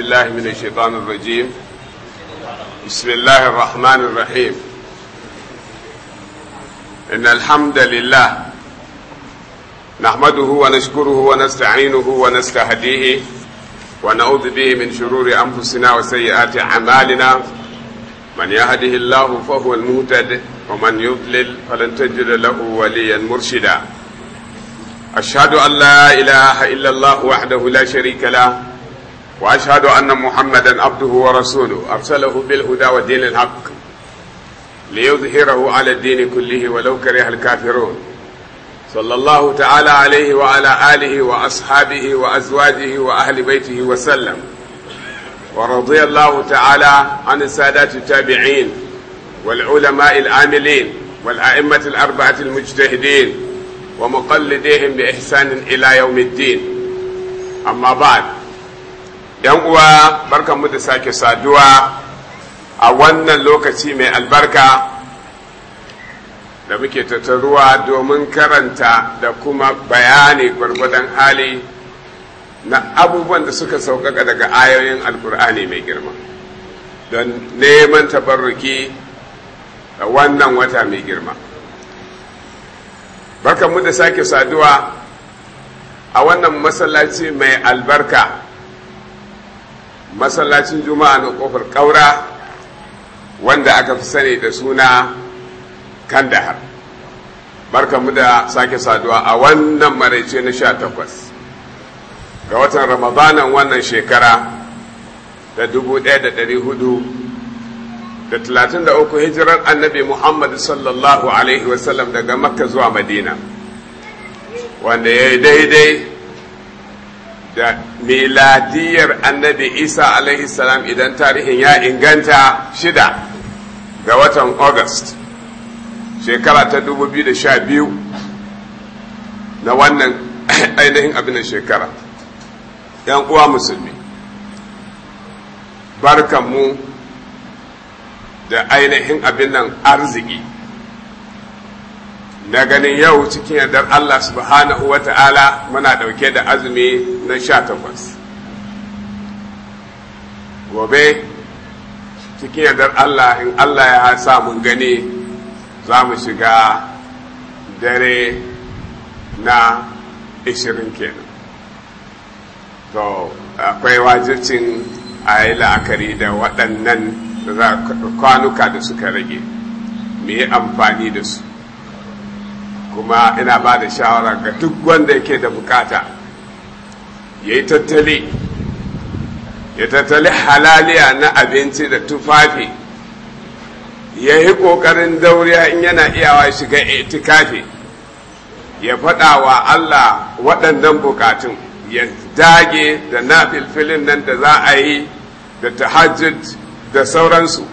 بالله من الشيطان الرجيم بسم الله الرحمن الرحيم إن الحمد لله نحمده ونشكره ونستعينه ونستهديه ونعوذ به من شرور أنفسنا وسيئات أعمالنا من يهده الله فهو المهتد ومن يضلل فلن تجد له وليا مرشدا أشهد أن لا إله إلا الله وحده لا شريك له واشهد ان محمدا عبده ورسوله ارسله بالهدى ودين الحق ليظهره على الدين كله ولو كره الكافرون صلى الله تعالى عليه وعلى اله واصحابه وازواجه واهل بيته وسلم ورضي الله تعالى عن السادات التابعين والعلماء العاملين والائمه الاربعه المجتهدين ومقلديهم باحسان الى يوم الدين اما بعد yan uwa barkanmu da sake saduwa a wannan lokaci mai albarka da muke tattaruwa domin karanta da kuma bayani gwargwadon hali na abubuwan da suka sauƙaƙa daga ayoyin alkur'ani mai girma don neman tabarruki da wannan wata mai girma barkanmu da sake saduwa a wannan masallaci mai albarka masallacin juma'a na kofar kaura wanda aka fi sani da suna kandahar barkanmu da sake saduwa a wannan maraice na sha takwas ga watan ramadanan wannan shekara da dubu daya da dari hudu da talatin da uku hijirar annabi muhammadu sallallahu alaihi wasallam daga makka zuwa madina wanda ya yi daidai da miladiyar annabi isa alaihi salam idan tarihin ya inganta shida ga watan august shekara ta 2012 na wannan ainihin da shekara yan uwa musulmi barkanmu da ainihin abin nan arziki na ganin yau cikin yardar Allah subhanahu wa ta'ala muna ɗauke da azumi na sha takwas gobe cikin yardar Allah in Allah ya sa mun gani za mu shiga dare na ishirin kenan to akwai wajibcin a yi la'akari da waɗannan kwanuka da suka rage mu yi amfani da su kuma ina ba da shawara ga duk wanda yake da bukata ya yi tattali ya tattali halaliya na abinci da tufafi ya yi ƙoƙarin dauriya in yana iyawa shiga itikafi ya faɗa wa Allah waɗannan bukatun ya dage da na filfilin nan da za a yi da tahajjud da sauransu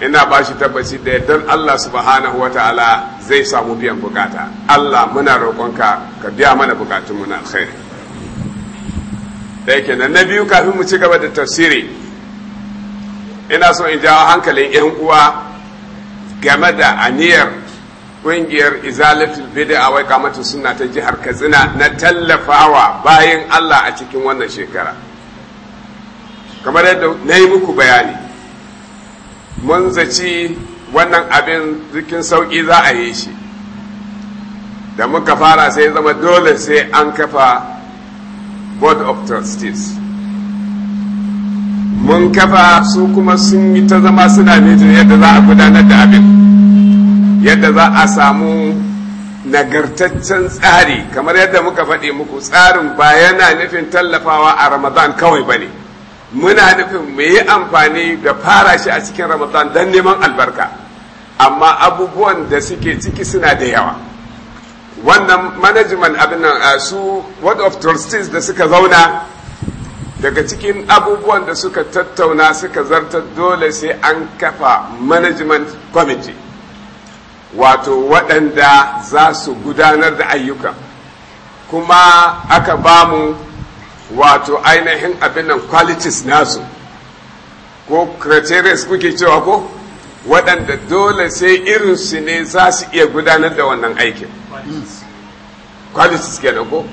ina ba shi tabbaci da yardar Allah subhanahu wa ta'ala zai samu biyan bukata Allah muna roƙonka ka biya mana bukatun muna alkhairi da kenan na biyu kafin mu ci gaba da tafsiri ina so in jawo hankalin yan uwa game da aniyar ƙungiyar izalatul bid'a wai kamata suna ta jihar Katsina na tallafawa bayan Allah a cikin wannan shekara kamar yadda na yi muku bayani mun zaci wannan abin zikin sauƙi za a yi shi da muka fara sai zama dole sai an kafa board of trustees mun kafa su kuma sun yi ta zama suna nijin yadda za a gudanar da abin yadda za a samu nagartaccen tsari kamar yadda muka faɗi muku tsarin ba yana nufin tallafawa a ramadan kawai ba ne muna nufin mu yi amfani da fara shi a cikin ramadan don neman albarka amma abubuwan da suke ciki suna da yawa wannan management abin nan su word of trustees da suka zauna daga cikin abubuwan da suka tattauna suka zartar dole sai an kafa management committee wato waɗanda za su gudanar da ayyuka kuma aka bamu wato ainihin abin nan qualities nasu ko criteria kuke cewa ko waɗanda dole sai irin su ne za su iya gudanar da wannan aikin qualities kenan ko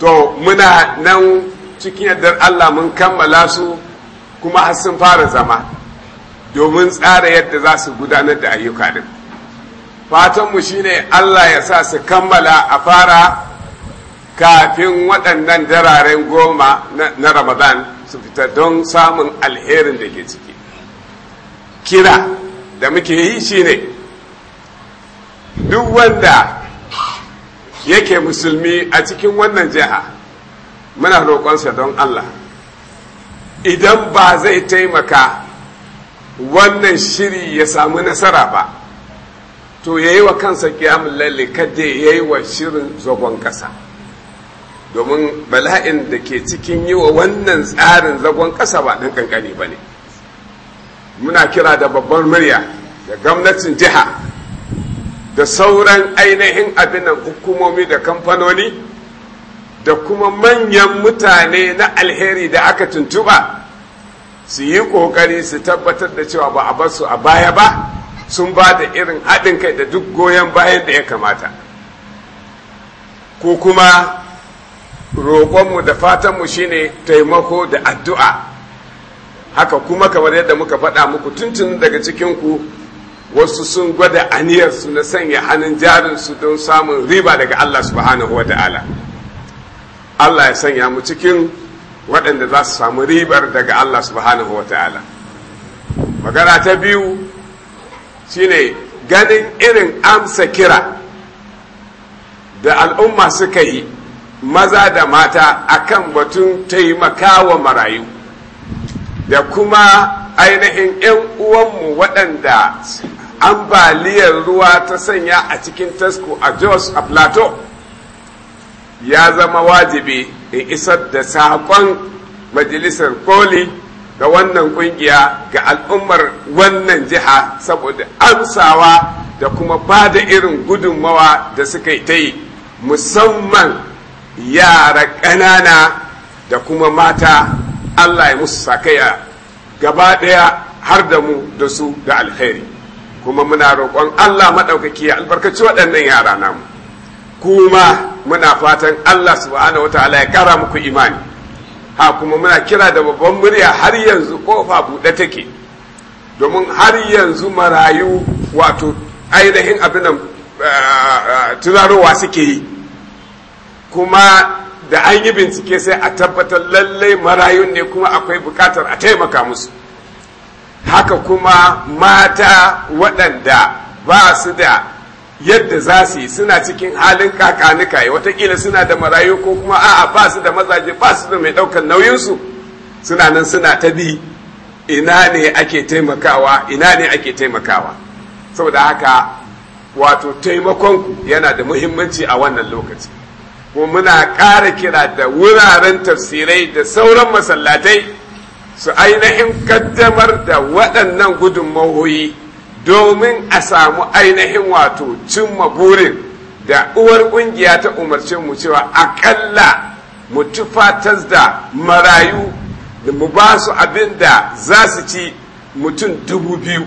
to muna nan cikin yardar Allah mun kammala su kuma har sun fara zama domin tsara yadda za su gudanar da ayyuka din fatanmu shine Allah ya sa su kammala a fara kafin waɗannan jararen goma na ramadan su fita don samun alherin da ke ciki kira da muke yi shi ne duk wanda yake musulmi a cikin wannan jiha muna roƙonsa don allah idan ba zai taimaka wannan shiri ya samu nasara ba to ya yi wa kansa kiyamun lalle kada ya yi wa shirin zagon ƙasa domin bala'in da ke cikin yi wa wannan tsarin zagon ƙasa ba ɗan ƙanƙani ba ne muna kira da babbar murya da gwamnatin jiha da sauran ainihin abinan hukumomi da kamfanoni da kuma manyan mutane na alheri da aka tuntuɓa su yi ƙoƙari su tabbatar da cewa ba a bar su a baya ba sun ba da irin haɗin kai da duk goyon bayan da ya kamata ko kuma roƙonmu da fatanmu shine taimako da addu'a haka kuma kamar yadda muka faɗa muku tuntun daga cikinku wasu sun gwada aniyarsu na sanya hannun jarinsu don samun riba daga Allah subhanahu wata'ala Allah ya sanya mu cikin waɗanda za su samu ribar daga Allah subhanahu ta’ala magana ta biyu shine ganin irin amsa kira da al'umma suka yi maza da mata a kan batun taimakawa marayu da kuma ainihin 'yan uwanmu waɗanda ambaliyar ruwa ta sanya a cikin tasko a jos a plateau ya zama wajibi in isar da saƙon majalisar koli ga wannan ƙungiya ga al'ummar wannan jiha saboda amsawa da kuma ba da irin gudunmawa da suka yi ta yi musamman yara ƙanana da kuma mata Allah ya musu sakaya gaba ɗaya har da mu da su da alheri kuma muna roƙon Allah maɗaukaki ya albarkaci waɗannan yara namu kuma muna fatan Allah subhanahu ala ya ƙara muku imani ha kuma muna kira da babban murya har yanzu ƙofa buɗe take domin har yanzu marayu wato ainihin abinan eh, eh, turarowa suke yi kuma da an yi bincike sai a tabbatar lallai marayun ne kuma akwai bukatar a taimaka musu haka kuma mata waɗanda ba su da yadda za su yi suna cikin halin kakanika yi watakila suna da marayu ko kuma a'a ba su da mazaje ba su da mai ɗaukar nauyinsu suna nan suna ta bi ina ne ake taimakawa ina ne ake taimakawa saboda haka wato taimakonku yana da muhimmanci a wannan lokaci ko muna ƙara kira da wuraren tafsirai da sauran masallatai su ainihin kaddamar da waɗannan gudunmawoyi domin a samu ainihin wato cimma burin da uwar ƙungiya ta umarce mu cewa aƙalla mu tufatas da marayu da mu ba su abin da za su ci mutum dubu biyu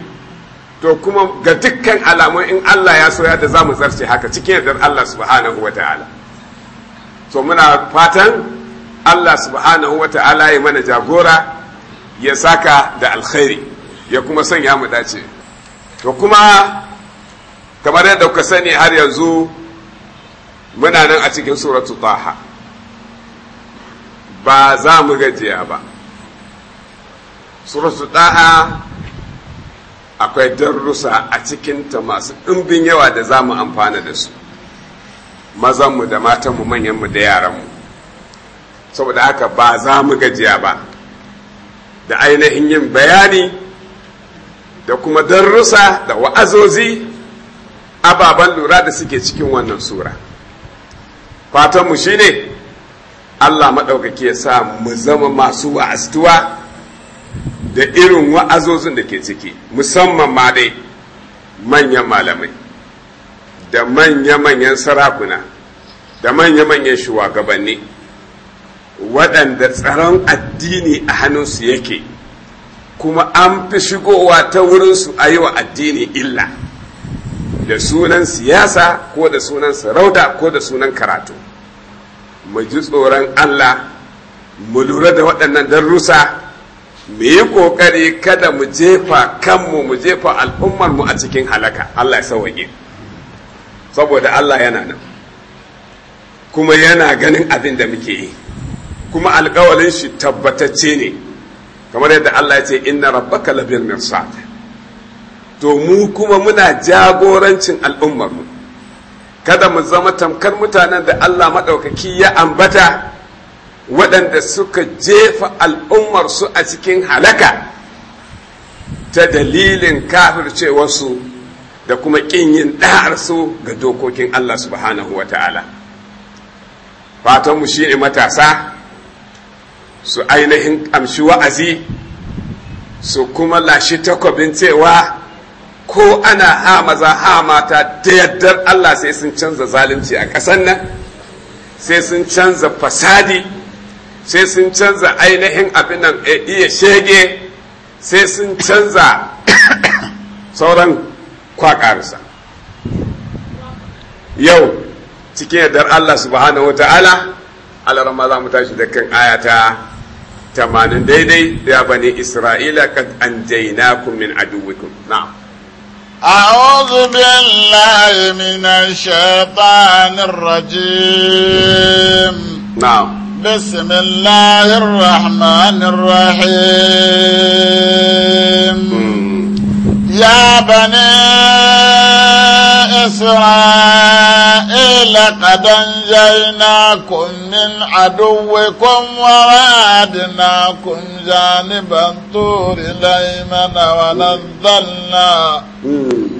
to kuma ga dukkan alamun in Allah ya soya da za mu zarce haka cikin yardar Allah subhanahu wa ta'ala to muna fatan Allah subhanahu wa ta'ala ya mana jagora ya saka da alkhairi ya kuma sanya mu dace to kuma kamar yadda kuka sani har yanzu muna nan a cikin suratu taha ba za mu gajiya ba suratu taha akwai darussa a cikinta masu ɗimbin yawa da za mu amfana da su mazanmu da matanmu manyanmu da yaranmu saboda haka ba za mu gajiya ba da ainihin yin bayani da kuma darussa da wa'azozi ababen lura da suke cikin wannan sura fatanmu shi ne allah maɗaukaki ya sa mu zama masu wa'astuwa da irin wa'azozin da ke ciki musamman ma dai manyan malamai da manya-manyan sarakuna da manya-manyan shugabanni waɗanda tsaron addini a hannunsu yake kuma an fi shigowa ta wurinsu a yi wa addini illa da sunan siyasa ko da sunan sarauta ko da sunan karatu mu ji tsoron allah mu lura da waɗannan darussa mu yi ƙoƙari kada mu jefa kanmu mu jefa al'ummarmu a cikin halaka allah ya sauwaƙe saboda Allah yana nan kuma yana ganin abin da muke yi kuma alkawalin shi tabbatacce ne kamar yadda Allah ya ce inna rabbaka labil mirsad to mu kuma muna jagorancin al'ummar mu kada mu zama tamkar mutanen da Allah maɗaukaki ya ambata waɗanda suka jefa al'ummar su a cikin halaka ta dalilin kafircewarsu da kuma ƙin yin ɗa'ar so ga dokokin Allah subhanahu wa ta'ala fatanmu shi ne matasa su ainihin amshi wa'azi su kuma lashi takobin cewa ko ana ha hamaza hamata da yaddar Allah sai sun canza zalunci a ƙasar nan sai sun canza fasadi sai sun canza ainihin abin nan eh, iya shege sai sun canza sauran kwa ƙarisa yau cikin yardar Allah subhanahu wata'ala alarma za mu tashi da kan ayata tamanin daidai ya bani isra'ila kan kad anjaynakum min aduwikum na'am أعوذ بالله من الشيطان الرجيم نعم بسم الله الرحمن الرحيم يا بني إسرائيل قد أنجيناكم من عدوكم ووعدناكم جانب الطور الأيمن ونزلنا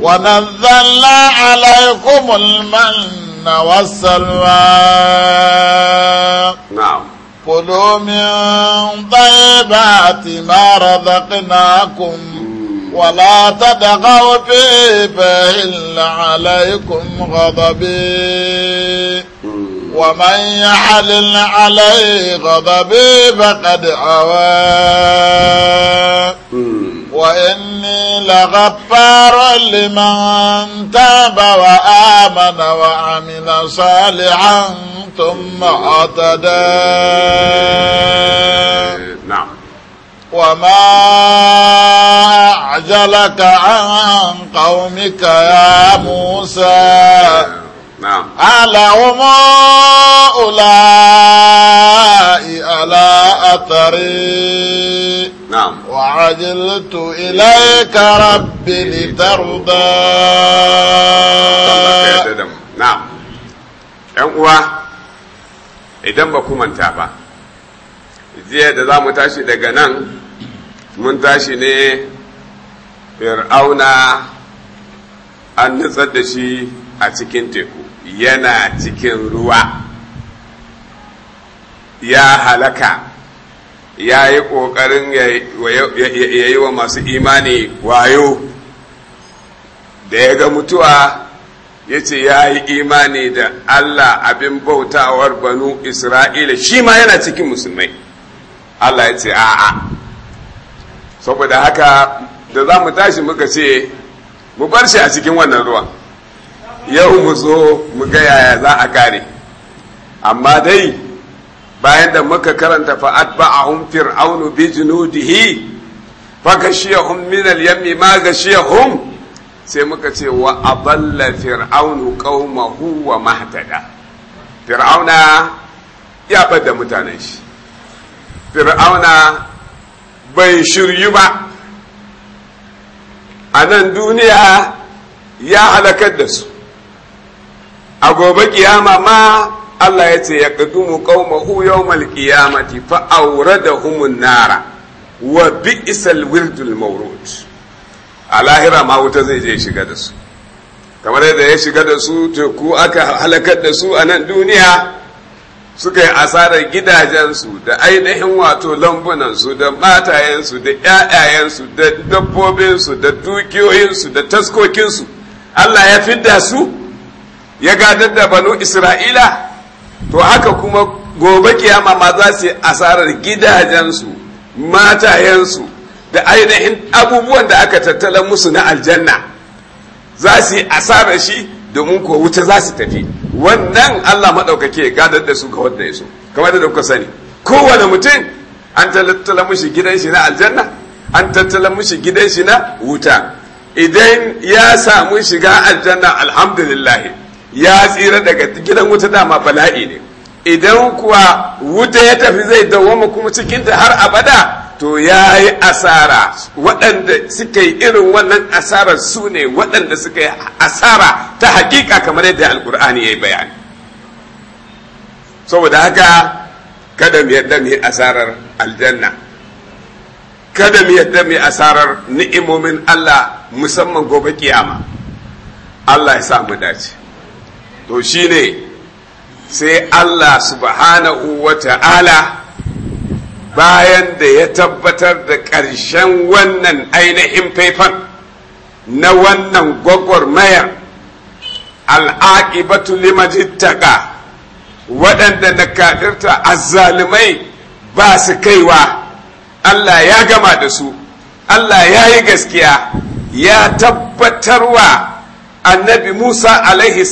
ونزلنا عليكم المن والسلوى نعم كلوا من طيبات ما رزقناكم ولا تبغوا فيه فإن عليكم غضبي ومن يحلل عليه غضبي فقد عوى وإني لغفار لمن تاب وآمن وعمل صالحا ثم اعتدى نعم وما أعجلك عن قومك يا موسى نعم هم أولئك على أثري نعم وعجلت إليك ربي لترضى نعم نعم uwa idan ba ku manta ba jiya da za mu tashi fir'auna an nutsar da shi a cikin teku yana cikin ruwa ya halaka ya yi ƙoƙarin ya yi wa masu imani wayo da ya ga mutuwa ya ce ya yi imani da Allah abin bautawar banu Isra'ila shi ma yana cikin musulmai Allah ya ce a'a saboda haka da za mu tashi muka ce mu bar shi a cikin wannan ruwan yau mu zo mu ga yaya za a kare amma dai bayan da muka karanta fa'at ba'ahum fir'aunu bi junudihi fa gashiyahum min al-yammi ma gashiyahum sai muka ce wa adalla fir'aunu qaumahu wa mahtada fir'auna ya bada mutanen shi fir'auna bai shiryu ba a nan duniya ya halakar da su a gobe kiyama ma Allah ya ce ya mu ƙaumahu yau malƙiyamati fa'aure da humun nara wa bi isal wirdul maurut a lahira ma wuta zai je shiga da su kamar yadda ya shiga da su teku aka halakar da su a nan duniya suka yi asarar gidajensu da ainihin wato lambunansu da matayensu da ‘ya'yayensu da dabbobinsu da dukiyoyinsu da taskokinsu Allah ya fidda su ya gadar da banu Isra'ila to haka kuma gobe kiyama ma za su yi asarar gidajensu matayensu da ainihin abubuwan da aka tattala musu na aljanna za su yi asarar shi domin ko wuta za su tafi wannan Allah maɗaukaki ya gadar da su ga wanda ya so kamar da kuka sani kowane mutum an tattala mushi gidan shi na aljanna an tattala mushi gidan shi na wuta idan ya samu shiga aljanna alhamdulillah ya tsira daga gidan wuta dama bala'i ne idan kuwa wuta ya tafi zai dawwama kuma cikinta har abada to ya yi asara waɗanda suka yi irin wannan asarar su ne waɗanda suka yi asara ta hakika kamar yadda alkur'ani ya yi bayani saboda haka kada mu yadda mu yi asarar aljanna kada mu yadda mu yi asarar ni'imomin Allah musamman gobe kiyama Allah ya sa mu dace to shine sai Allah subhanahu wa ta'ala bayan da ya tabbatar da ƙarshen wannan ainihin faifan na wannan gwagwarmaya al'aƙibatu limajittaka waɗanda na a azzalumai ba su kaiwa Allah ya gama da su Allah ya yi gaskiya ya tabbatarwa annabi Musa alaihi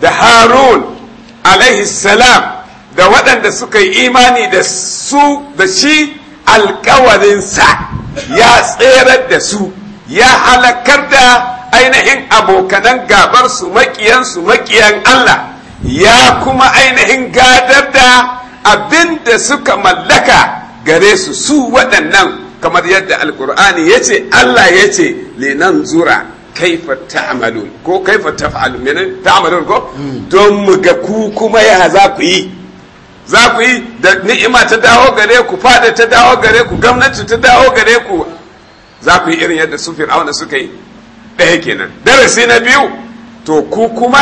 da Harun alaihi da waɗanda suka yi imani da su da shi alkawarinsa ya tserar da su ya halakar da ainihin abokanan gabarsu su makiyan Allah ya kuma ainihin gadar da abin da suka mallaka gare su su waɗannan kamar yadda alkur'ani ya ce Allah ya ce nan zura kaifa ta'malun ko kaifa taf'alun ta'malun ko hmm. don mu ga ku kuma ya za ku yi za ku yi da ni'ima ta dawo gare ku fada ta dawo gare ku gwamnati ta dawo gare ku za ku yi irin yadda su fir'auna suka yi ɗaya kenan darasi na biyu to ku kuma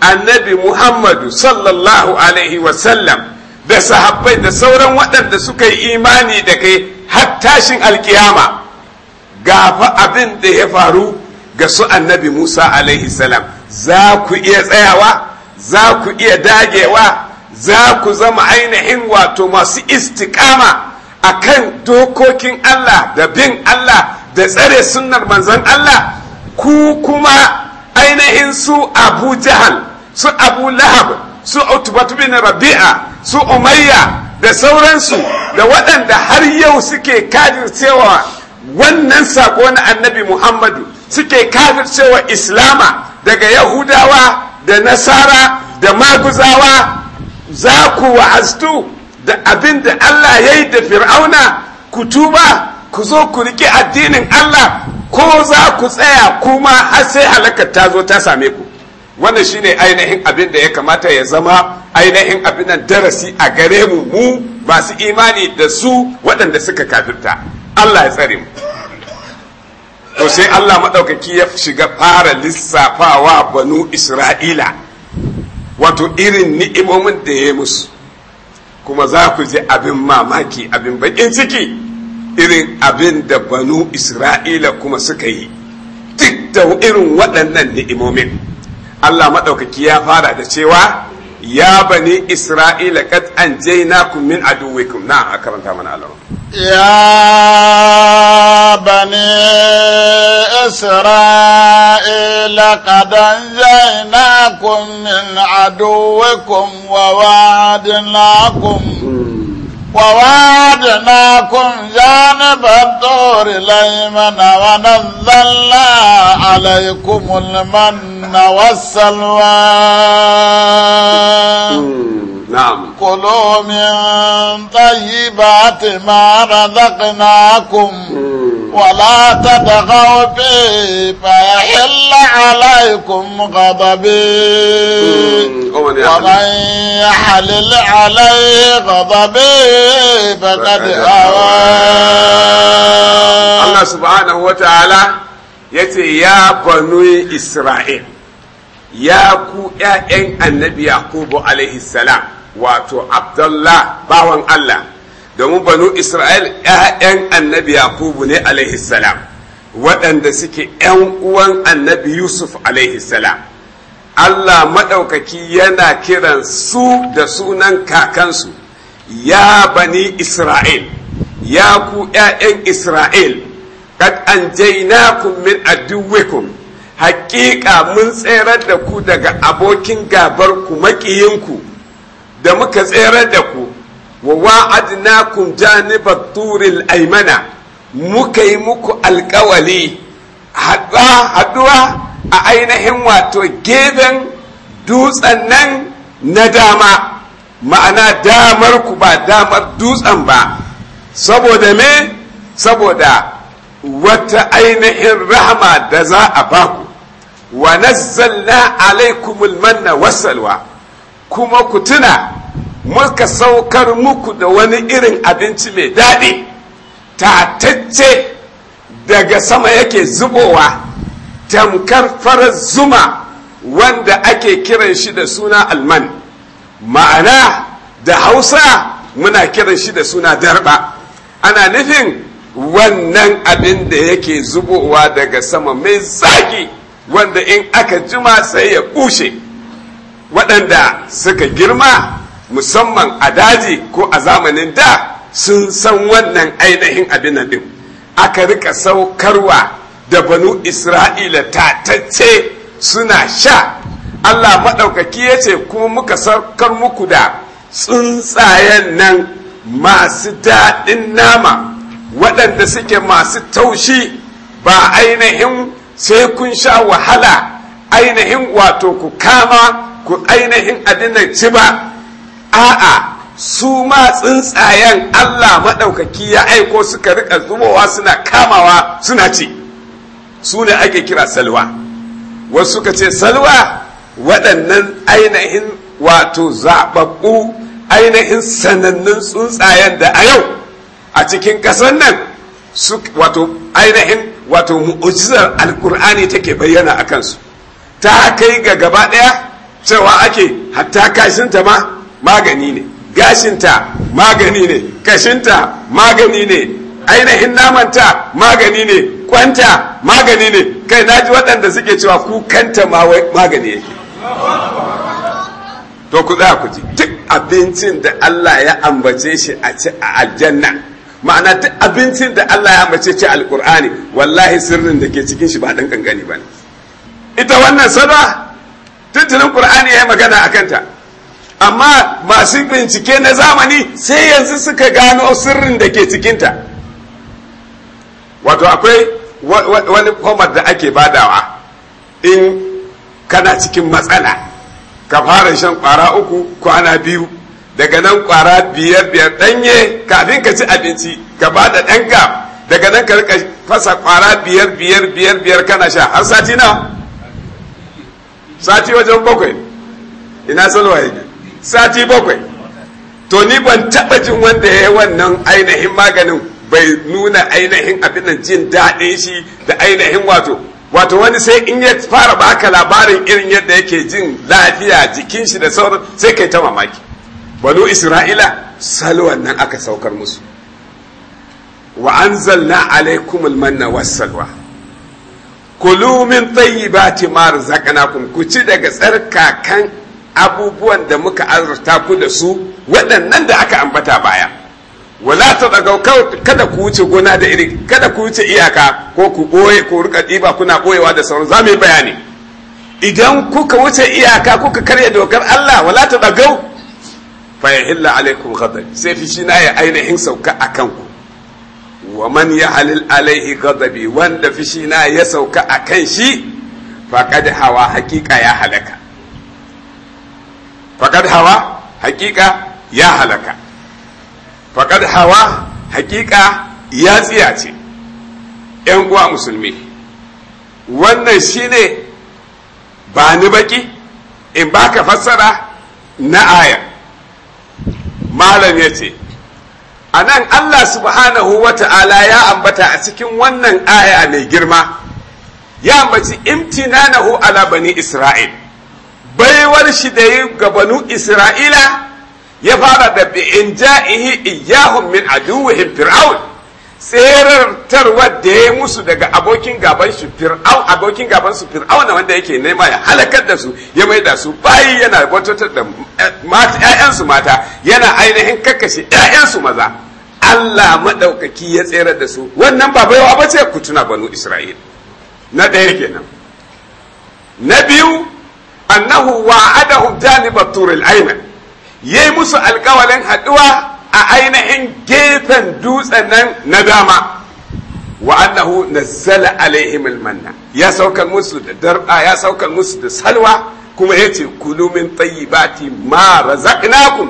annabi muhammadu sallallahu alaihi wasallam da sahabbai da sauran waɗanda suka yi imani da kai har tashin alkiyama gafa abin da ya faru ga su annabi musa alaihi salam za ku iya tsayawa za ku iya dagewa za ku zama ainihin wato masu istiƙama a kan dokokin Allah da bin Allah da tsare sunnar manzon Allah ku kuma ainihin su abu jahal su abu lahab su utubatu bin rabi'a su umayya da sauransu da waɗanda har yau suke kadircewa wannan sako na annabi muhammadu suke kadircewa islama daga yahudawa da nasara da maguzawa za ku wa'aztu da abin da Allah ya yi da fir'auna ku tuba ku zo ku riƙe addinin Allah ko za ku tsaya kuma har sai halakar ta zo ta same ku wannan shine ainihin abin da ya kamata ya zama ainihin abin da darasi a gare mu mu masu imani da su waɗanda suka kafirta Allah ya tsare mu to sai Allah madaukaki ya shiga fara lissafawa banu Isra'ila wato irin ni'imomin da ya musu kuma za ku ji abin mamaki abin bakin ciki irin abin da banu isra'ila kuma suka yi duk da irin waɗannan ni'imomin allah maɗaukaki ya fara da cewa Ya bani Isra'ila kadan zaina kun min aduwe na a mana a Ya bani Isra'ila kadan zaina kun min aduwe kun wawadana kun wawadana kun zani ba dorin laima na wani zan عليكم المن والسلوى نعم كلوا من طيبات ما رزقناكم ولا تبغوا فيه فيحل عليكم غضبي ومن يحلل عليه غضبي فقد هوى الله سبحانه وتعالى ya ce ya banu isra'il ya ku ‘ya'yan annabi yakubu alaihi wato abdullah bawan allah domin banu isra'il ‘ya'yan annabi yakubu ne alaihissalam waɗanda suke ‘yan uwan annabi yusuf alaihissalam allah maɗaukaki yana kiran su da sunan kakansu ya bani isra'il ya ku ‘ya'yan isra'il kad anjaynakum min aduwikum haƙiƙa mun tsere da ku daga abokin gabar ku maƙiyinku da muka tsere da ku wa wa'adnakum janibat turil aymana muka yi muku alƙawari. haɗuwa a ainihin wato gefen dutsen nan na dama ma'ana damar ku ba damar dutsen ba saboda me saboda wata ainihin rahama da za a ku wa nazzalna alaikumul manna wasalwa kuma ku tuna muka saukar muku da wani irin abinci mai daɗi tatacce daga sama yake zubowa tamkar farar zuma wanda ake kiran shi da suna alman ma'ana da hausa muna kiran shi da suna darba ana nufin wannan abin da yake zubowa daga sama mai zaki wanda in aka jima sai ya bushe waɗanda suka girma musamman a daji ko a zamanin da sun san wannan ainihin abin abin aka rika saukarwa da banu isra'ila tatacce suna sha allah maɗaukaki ya ce kuma muka saukar muku da tsuntsayen nan masu daɗin nama waɗanda suke masu taushi ba ainihin sai kun sha wahala ainihin wato ku kama ku ainihin adina ci ba a'a su ma tsuntsayen Allah maɗaukaki ya aiko suka rika zubowa suna kamawa suna ci su ne ake kira salwa wasu suka ce salwa waɗannan ainihin wato zaɓaɓɓu ainihin sanannun tsuntsayen da a yau a cikin ƙasar nan su wato ainihin wato mu'ujizar alkur'ani take bayyana a kansu ta kai ga gaba ɗaya cewa ake hatta kashinta ma magani ne gashinta magani ne kashinta magani ne ainihin namanta magani ne kwanta magani ne kai naji waɗanda suke cewa kukanta magani yake to ku za ku ji duk abincin da Allah ya ambace shi a aljanna ma'ana duk abincin da Allah ya mace ce alkur'ani wallahi sirrin da ke cikin shi ba dan kankani ba ne ita wannan sada tuntunin qur'ani ya yi magana a kanta amma masu bincike na zamani sai yanzu suka gano sirrin da ke cikinta wato akwai wani komar da ake badawa in kana cikin matsala ka fara shan kwara uku kwana biyu daga nan kwara biyar biyar ɗanye kafin ka ci abinci ka ba da ɗanka daga nan ka rika fasa kwara biyar biyar biyar biyar kana sha har sati na sati wajen bakwai ina wa yake sati bakwai to ni ban taɓa jin wanda ya yi wannan ainihin maganin bai nuna ainihin abin nan jin daɗin shi da ainihin wato wato wani sai in ya fara baka labarin irin yadda yake jin lafiya jikin shi da sauran sai kai ta mamaki banu isra'ila salwan nan aka saukar musu wa anzalna alaikum almanna wassalwa kulu min tayyibati ma razaqnakum ku ci daga tsarkakan abubuwan da muka azurta ku da su waɗannan da aka ambata baya wala ta daga kada ku wuce gona da iri kada ku wuce iyaka ko ku boye ko rika diba kuna boyewa da sauran zamu yi bayani idan kuka wuce iyaka kuka karya dokar Allah wala ta daga fa yahilla alaikum ghadabi sai fishi na ya ainihin sauka a kanku wa man halil alaihi ghadabi wanda fishi na ya sauka a kan shi faqad hawa hakika ya halaka faqad hawa hakika ya halaka faqad hawa hakika ya tsiya ce ‘yan uwa musulmi wannan shine ba ni baki in baka fassara na aya malam ya ce a nan allah subhanahu wa ta'ala ya ambata a cikin wannan aya mai girma ya ambaci imtinanahu ala bani isra'il baiwar shi da yi ga banu isra'ila ya fara da bi'in ja'ihi iyahun min aduwihim fir'aun tserartarwar da ya musu daga abokin gaban su fir'au abokin gaban su fir'au na wanda yake nema ya halakar da su ya maida su bayi yana gwatotar da su mata yana ainihin kakkashe yayansu maza Allah maɗaukaki ya tserar da su wannan ba baiwa ba ce ku banu Isra'il na ɗaya kenan na biyu annahu wa'adahu janibat turil ayman yi musu alkawalin haɗuwa a ainihin gefen dutsen nan na dama wa annahu nazzala alaihim almanna ya saukar musu da darba ya saukar musu da salwa kuma yace kulu min tayyibati ma razaqnakum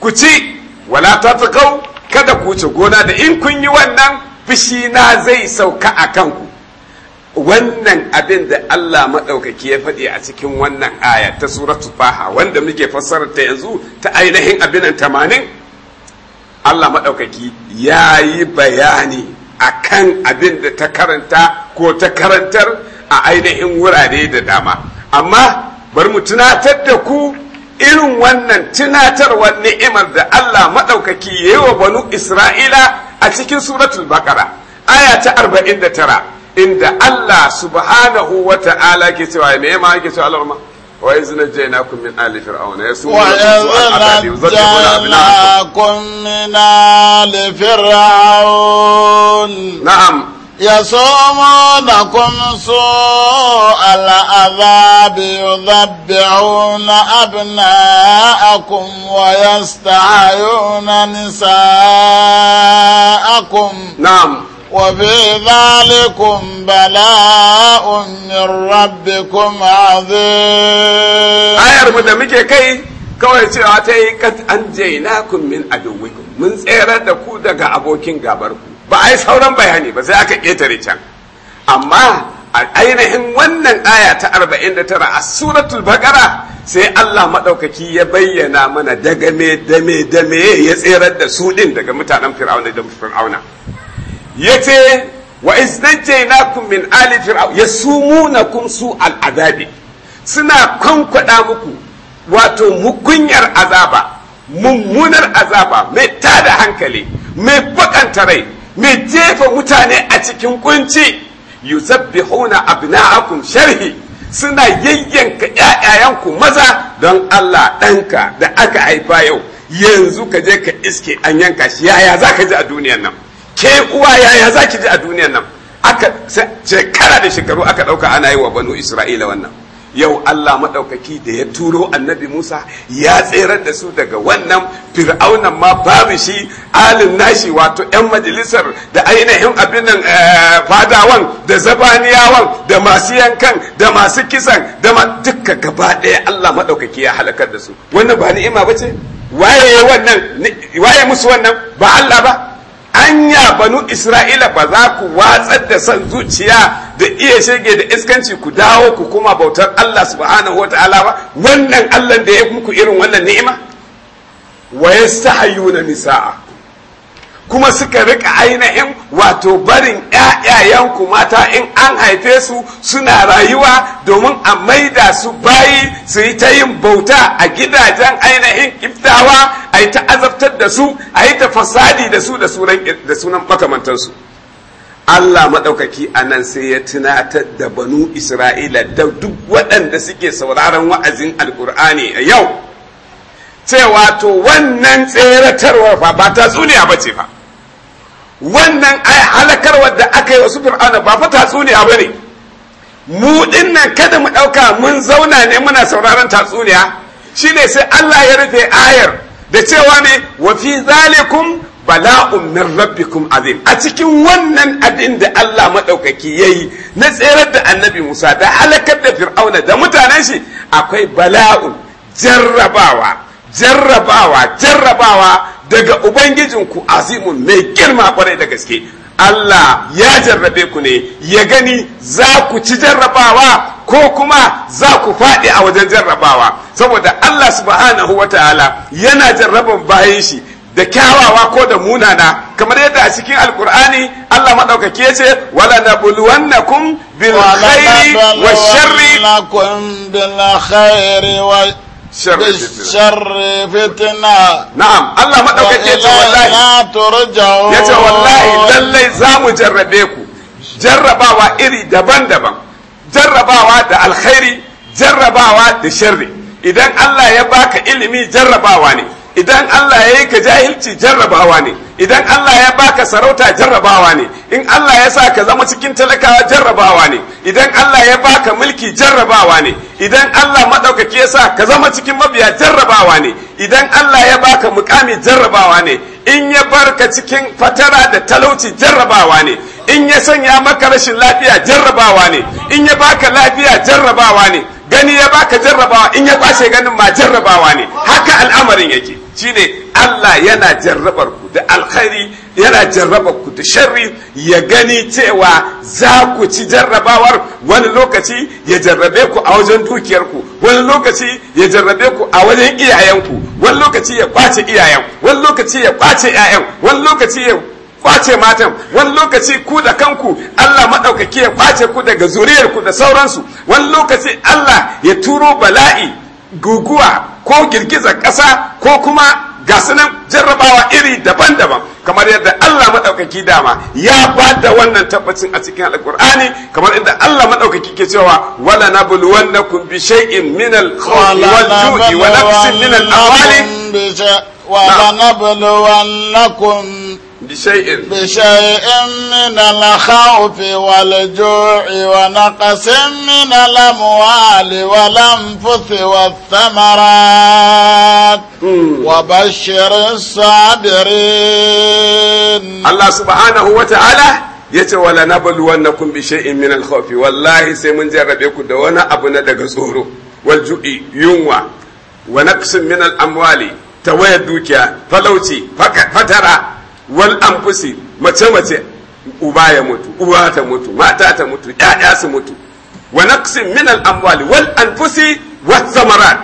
ku ci wala tatqaw kada ku ci gona da in kun yi wannan fishi na zai sauka a kanku wannan abin da Allah maɗaukaki ya faɗi a cikin wannan aya ta suratu faha wanda muke fassara ta yanzu ta ainihin abinan tamanin Allah maɗaukaki ya yi bayani a kan abin da ta karanta ko ta karantar a ainihin wurare da dama amma bari mu tunatar da ku irin wannan tunatarwar ni'imar da Allah maɗaukaki ya yi wa banu Isra'ila a cikin suratul bakara aya ta arba'in da tara inda Allah subhanahu wa ta'ala ke cewa me ma ke cewa Allah وإذ نجيناكم من آل فرعون وإذ نجيناكم من آل فرعون نعم يصومونكم سوء العذاب يذبحون أبناءكم ويستعيون نساءكم نعم وفي ذلكم بلاء من ربكم عظيم ayar mu da muke kai kawai cewa ta yi kat an jainakum min aduwikum mun tserar da ku daga abokin gabarku ba ai sauran bayani ba sai aka ƙetare can amma a ainihin wannan aya ta 49 a suratul baqara sai Allah maɗaukaki ya bayyana mana dagame dame dame ya tserar da su ɗin daga mutanen fir'auna da fir'auna yace wa iznajjaynakum min ali fir'aun yasumunakum su al'adabi suna kwankwada muku wato mukunyar azaba mummunar azaba mai tada hankali mai bakanta rai mai jefa mutane a cikin kunci yusabbihuna abna'akum sharhi suna yayyanka ƴaƴayanku maza don Allah ɗanka da aka haifa yau yanzu ka je ka iske an yanka shi yaya za ka ji a duniyar nan ke uwa yaya za ki ji a duniyan nan aka shekara da shekaru aka ɗauka ana yi wa banu isra'ila wannan yau allah maɗaukaki da ya turo annabi musa ya tserar da su daga wannan fir'auna ma babu shi alin nashi wato 'yan majalisar da ainihin abin nan eh, fadawan da zabaniyawan da masu yankan da masu kisan da duka gaba ɗaya allah maɗaukaki ya halakar da su wannan ba ni'ima ba ce waye musu wannan ba allah ba anya banu isra'ila ba za ku watsar da son zuciya da iya shege da iskanci ku dawo ku kuma bautar Allah subhanahu wa ta'ala ba wannan Allah da ya muku irin wannan ni'ima wa hayyuna nisaa kuma suka rika ainihin wato barin ‘ya'yayenku mata in an haife su suna rayuwa domin a maida su bayi su yi ta yin bauta a gidajen ainihin kiftawa a yi ta azabtar da su a yi ta fasadi da su da sunan makamantansu Allah maɗaukaki a nan sai ya tunatar da banu Isra'ila da duk waɗanda suke sauraron wa'azin Alƙur'ani a yau cewa to wannan tseratarwar fa ba ta tsuniya ba ce fa wannan ai halakar wadda aka yi wasu fir'auna ba fa tatsuniya ba ne mu dinnan kada mu ɗauka mun zauna ne muna sauraron tatsuniya shine sai Allah ya rufe ayar da cewa ne wa fi zalikum bala'un min rabbikum azim a cikin wannan abin da Allah maɗaukaki yayi na tserar da annabi Musa da halakar da fir'auna da mutanen shi akwai bala'un jarrabawa jarrabawa jarrabawa daga ubangijinku azimun mai girma kwarai da gaske Allah ya jarrabe ku ne ya gani za ku ci jarrabawa ko kuma za ku faɗi a wajen jarrabawa saboda Allah subhanahu wa ta'ala yana jarraban bayan shi da kyawawa ko da munana kamar yadda a cikin alkur'ani Allah maɗaukake ce wala na bulwannakum bil khairi wa sharri sharri fitina na'am Allah madaukake ce wallahi ya ce wallahi lallai za mu jarrabe ku jarrabawa iri daban-daban jarrabawa da alkhairi jarrabawa da sharri idan Allah ya baka ilimi jarrabawa ne idan Allah ya yi ka jahilci jarrabawa ne idan Allah ya baka sarauta jarrabawa ne in Allah ya sa ka zama cikin talakawa jarrabawa ne idan Allah ya baka mulki jarrabawa ne idan Allah maɗaukaki ya sa ka zama cikin mabiya jarrabawa ne idan Allah ya baka mukami jarrabawa ne in ya barka cikin fatara da talauci jarrabawa ne in ya sanya maka rashin lafiya jarrabawa ne in ya baka lafiya jarrabawa ne gani ya baka jarrabawa in ya kwashe ganin ma jarrabawa ne haka al'amarin yake shine Allah yana jarrabar ku da alkhairi yana jarrabar ku da sharri ya gani cewa za ku ci jarrabawar wani lokaci ya jarrabe ku a wajen dukiyarku wani lokaci ya jarrabe ku a wajen iyayenku wani lokaci ya kwace iyayen wani lokaci ya kwace iyayen wani lokaci ya kwace matan wani lokaci ku da kanku Allah maɗaukaki ya kwace ku daga zuriyar ku da sauransu wani lokaci Allah ya turo bala'i guguwa ko girgizar ƙasa ko kuma ga sunan jarrabawa iri daban-daban kamar yadda Allah maɗaukaki dama ya ba da wannan tabbacin a cikin alkur'ani kamar inda Allah maɗaukaki ke cewa wala na bulwannakum bi shay'in min al wal-ju'i wa nafsin min al بشيء بشيء من الخوف والجوع ونقص من الأموال والأنفس والثمرات وبشر الصابرين الله سبحانه وتعالى yace wala nabluwannakum bi shay'in min al-khawf wallahi sai mun jarrabe ku da wani abu na daga tsoro wal ju'i yunwa wa naqsin min al-amwali tawaya dukiya falauci fatara wal anfusi mace mace uba ya mutu uba ta mutu mata ta mutu ƴaƴa su mutu wa naqsin min al amwali wal anfusi was thamarat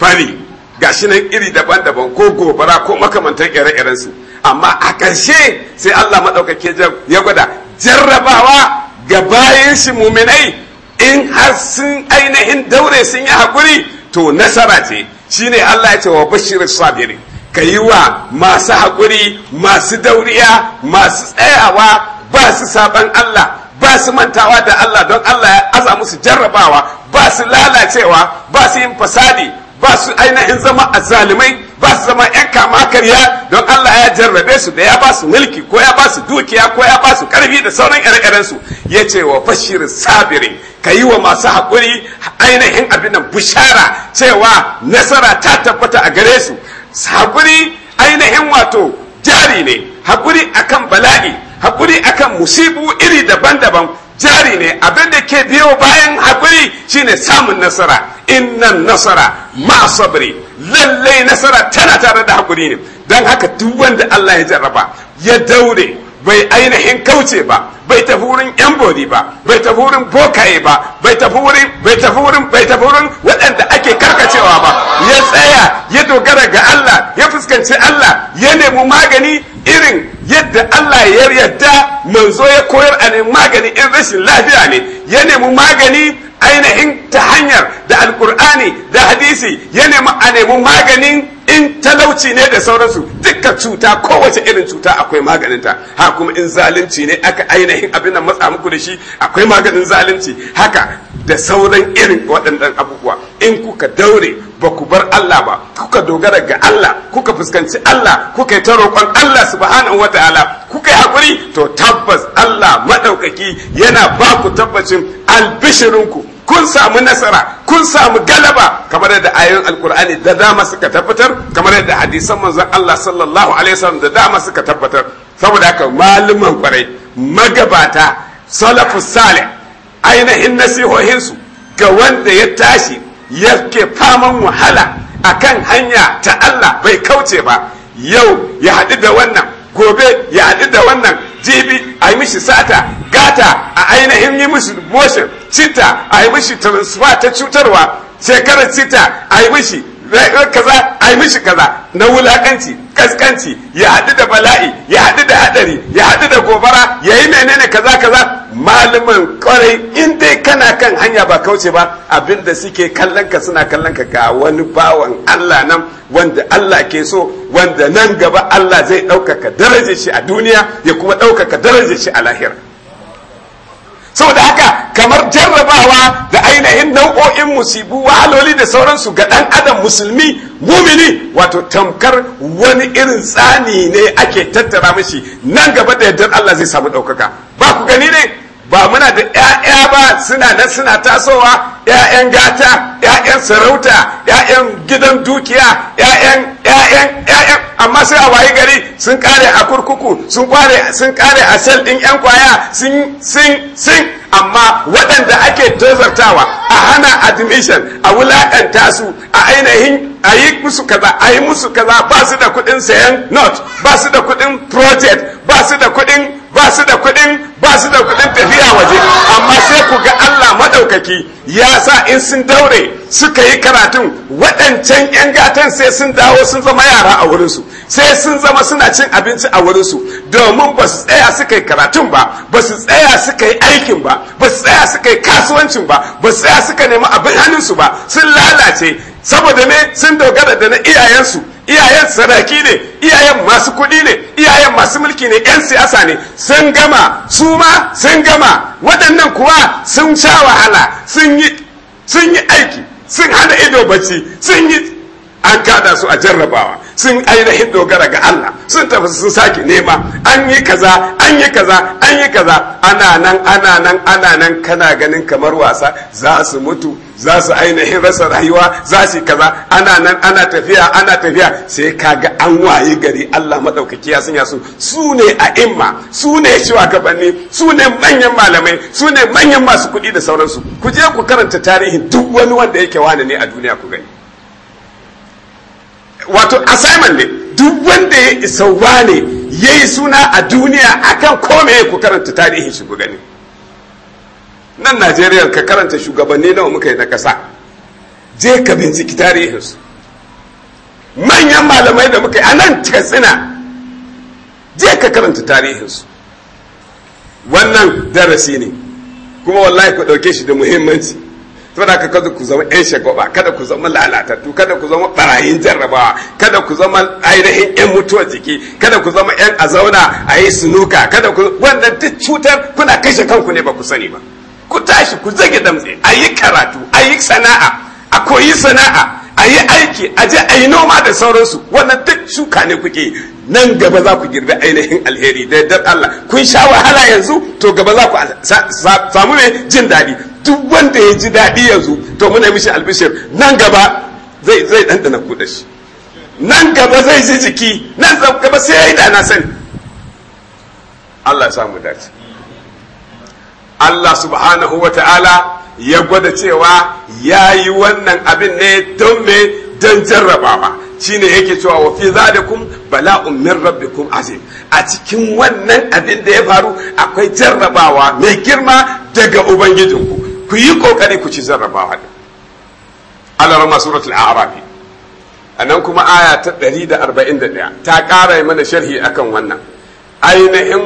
fari gashi nan iri daban-daban ko gobara ko makamantan ire-iren su amma a ƙarshe sai Allah madaukake ya gwada jarrabawa ga bayin shi muminai in har sun ainihin daure sun yi haƙuri to nasara ce shine Allah ya ce wa bashirin sabirin ka yi wa masu haƙuri masu dauriya masu tsayawa ba su saban Allah ba su mantawa da Allah don Allah ya aza musu jarrabawa ba su lalacewa ba su yin fasadi ba su ainihin zama zalimai ba su zama 'yan kama karya don Allah ya jarrabe su da ya ba su mulki ko ya ba su dukiya ko ya ba su karfi da sauran ire su ya ce wa fashirin sabirin ka yi wa masu haƙuri ainihin abin bishara cewa nasara ta tabbata a gare su hakuri ainihin wato jari ne hakuri akan bala'i hakuri akan musibu iri daban-daban jari ne abin da ke biyo bayan hakuri shine samun nasara innan nasara ma sabri lallai nasara tana tare da hakuri ne don haka duk wanda Allah ya jarraba ya daure bai ainihin kauce ba bai tafi wurin yan bori ba bai tafi wurin bokaye ba bai tafi wurin bai tafi wurin bai tafi wurin waɗanda ake karkacewa ba ya tsaya ya dogara ga Allah ya fuskanci Allah ya nemi magani irin yadda Allah ya yarda manzo ya koyar a nemi magani in rashin lafiya ne ya nemi magani ainihin ta hanyar da alkur'ani da hadisi ya nemi a nemi maganin in talauci ne da sauransu duka cuta kowace irin cuta akwai maganinta ha kuma in zalunci ne aka ainihin abin nan matsa muku da shi akwai maganin zalunci haka da sauran irin waɗannan abubuwa in kuka daure ba ku bar Allah ba kuka dogara ga Allah kuka fuskanci Allah kuka yi ta roƙon Allah subhanahu wa ta'ala kuka yi hakuri to tabbas Allah madaukaki yana ba ku tabbacin albishirinku kun samu nasara kun samu galaba kamar yadda ayoyin alkur'ani da dama suka tabbatar kamar yadda hadisan manzon Allah sallallahu alaihi wasallam da dama suka tabbatar saboda haka malaman kwarai magabata salafu salih ainihin nasihohinsu ga wanda ya tashi yake faman wahala akan hanya ta Allah bai kauce ba yau ya haɗu da wannan gobe ya haɗu da wannan jibi a mishi sata gata a ainihin yi mishi motion sita a yi mishi transfer ta cutarwa shekarar sita a yi mishi kaza a yi mishi kaza na wulakanci kaskanci ya haɗu da bala'i ya haɗu da haɗari ya haɗu da gobara ya yi menene kaza kaza malamin kwarai in dai kana kan hanya ba kauce ba abinda suke kallon ka suna kallon ka ga wani bawan Allah nan wanda Allah ke so wanda nan gaba Allah zai ɗaukaka darajar shi a duniya ya kuma ɗaukaka darajar shi a lahira saboda haka kamar jarrabawa da ainihin nau'o'in musibu wahaloli da sauransu ga ɗan adam musulmi mumini wato tamkar wani irin tsani ne ake tattara mashi nan gaba da yardar Allah zai samu ɗaukaka ba ku gani ne ba muna da ‘ya'ya ba suna nan suna tasowa ‘ya'yan gata ‘ya'yan sarauta ‘ya'yan gidan dukiya ‘ya'yan ‘ya'yan ‘ya'yan amma sai a wayi gari sun kare a kurkuku sun kware sun kare a sel ɗin ‘yan kwaya sun sun sun amma waɗanda ake tozartawa a hana admission a wulaƙanta su a ainihin a yi musu kaza a yi musu kaza ba su da kuɗin sayan not ba su da kuɗin project ba su da kuɗin ba su da kuɗin ba su da kudin tafiya waje amma sai ku ga Allah madaukaki ya sa in sun daure suka yi karatun waɗancan 'yan gatan sai sun dawo sun zama yara a wurinsu sai sun zama suna cin abinci a wurinsu domin ba su tsaya suka yi karatun ba ba su tsaya suka yi aikin ba ba su tsaya suka yi kasuwancin ba ba su tsaya suka nemi abin hannun su ba sun lalace saboda ne sun dogara da na iyayensu iyayen sadaki ne iyayen masu kuɗi ne iyayen masu mulki ne 'yan siyasa ne sun gama su ma sun gama waɗannan kuwa sun sha wahala sun yi aiki sun hana ido bacci sun yi an kada su a jarrabawa sun ainihin dogara ga Allah sun tafi sun sake nema an yi kaza an yi kaza an yi kaza ana nan ana nan ana nan kana ganin kamar wasa za su mutu za su ainihin rasa rayuwa za su kaza ana nan ana tafiya ana tafiya sai kaga an waye gari Allah madaukaki ya sanya su su ne a imma su ne shugabanni su ne manyan malamai su ne manyan masu kuɗi da sauransu ku je ku karanta tarihin duk wani wanda yake wani ne a duniya ku gani wato assignment ne duk wanda ya isa wane yayi suna a duniya akan kome ku karanta tarihin shi ku gani nan najeriya ka karanta shugabanni nawa muka yi na ƙasa je ka binciki tarihinsu manyan malamai da muka yi a nan katsina je ka karanta tarihinsu wannan darasi ne kuma wallahi ku ɗauke shi da muhimmanci saboda ka kada ku zama 'yan shagwaba kada ku zama lalatattu kada ku zama barayin jarrabawa kada ku zama ainihin 'yan mutuwar jiki kada ku zama 'yan a zauna a yi sunuka kada ku wannan duk cutar kuna kashe kanku ne ba ku sani ba ku tashi ku zage damtse a yi karatu a yi sana'a a koyi sana'a a yi aiki a je a yi noma da sauransu wannan duk shuka ne kuke nan gaba za ku girbi ainihin alheri da yardar Allah kun sha wahala yanzu to gaba za ku samu ne jin daɗi duk wanda ya ji daɗi yanzu to muna mishi albishir nan gaba zai zai ɗanɗana ku da shi nan gaba zai ji jiki nan gaba sai ya yi da na sani Allah ya samu dace Allah subhanahu wa ta'ala ya gwada cewa ya yi wannan abin ne don me don jarrabawa shine yake cewa wa fi kun bala'un min rabbikum azim a cikin wannan abin da ya faru akwai jarrabawa mai girma daga ubangijinku ku yi kokari ku ci jarrabawa din alarama suratul A anan kuma aya ta 141 ta kara mana sharhi akan wannan ainihin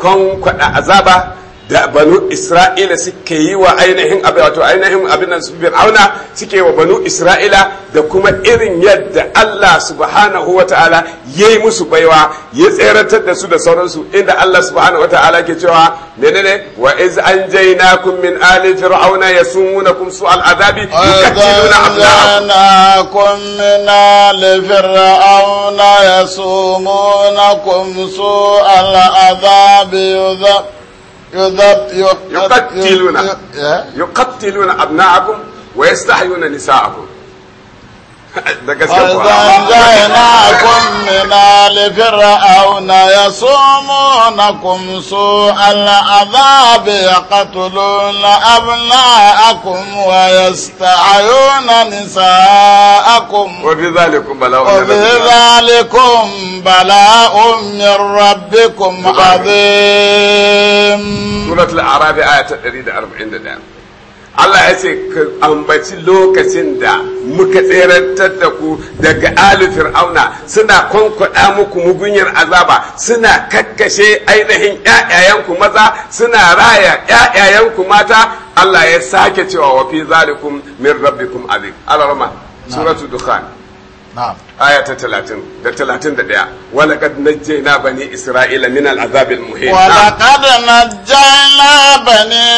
kwankwada azaba da banu isra'ila suke yi wa ainihin abin wato ainihin abin nan auna suke wa banu isra'ila da kuma irin yadda Allah subhanahu wata'ala yayi musu baiwa ya tseratar da su da sauransu inda Allah subhanahu wata'ala ke cewa menene wa iz anjaynakum min ali fir'auna yasumunakum su'al adabi yuqatiluna abna'akum min ali fir'auna yasumunakum su'al adabi yudhab يقتلون يقتلون أبناءكم ويستحيون نساءكم da gaske kuwa zanzaina kun min ali fir'auna yasumunakum su al'adhab yaqtuluna abna'akum wa yasta'yuna nisa'akum wa bi dhalikum bala'un wa bi Allah ya ce ka ambaci lokacin da muka tserantar da ku daga ali fir'auna suna kwankwada muku mugunyar azaba suna kakkashe ainihin ƴaƴayenku maza suna raya ƴaƴayenku mata Allah ya sake cewa wa fi zalikum min rabbikum azim abin rama suratu dukhan aya ta talatin da talatin da ɗaya. 31 na kad najjayna bani isra'ila min al'azab al-muhin na kad najjayna bani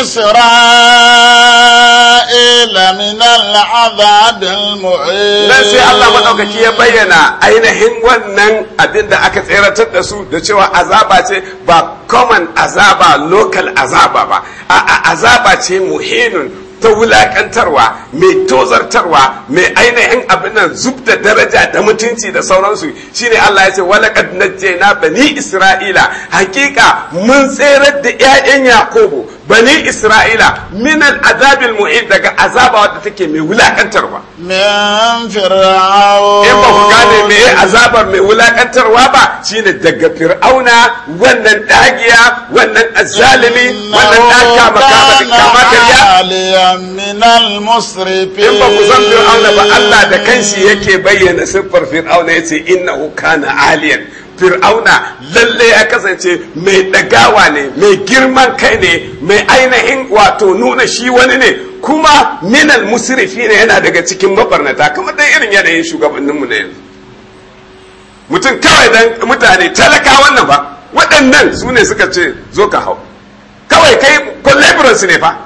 isra'ila min al'azab muhim. nan sai Allah madaukaki ya bayyana ainihin wannan abinda aka tseratar da su da cewa azaba ce ba common azaba local azaba ba a azaba ce muhinun ta wulakantarwa mai tozartarwa mai ainihin abin nan zub da daraja da mutunci da sauransu shine Allah ya ce na na bani isra'ila hakika mun tserar da ya'yan yakobo bani isra'ila min azabin mu'in daga azaba wadda take mai wulakantarwa min in ba ku gane me azabar mai wulakantarwa ba shine daga fir'auna wannan dagiya wannan azzalimi wannan daka kama kariya min al-musrifin in ba ku san fir'auna ba Allah da kanshi yake bayyana siffar fir'auna yace innahu kana aliyan fir'auna lalle ya kasance mai dagawa ne mai girman kai ne mai ainihin wato nuna shi wani ne kuma minal musrifi ne yana daga cikin mabarnata kamar dai irin yanayin shugabanninmu na yanzu mutum kawai dan mutane talaka wannan ba waɗannan su ne suka ce zo ka hau kawai kai collaboransu ne fa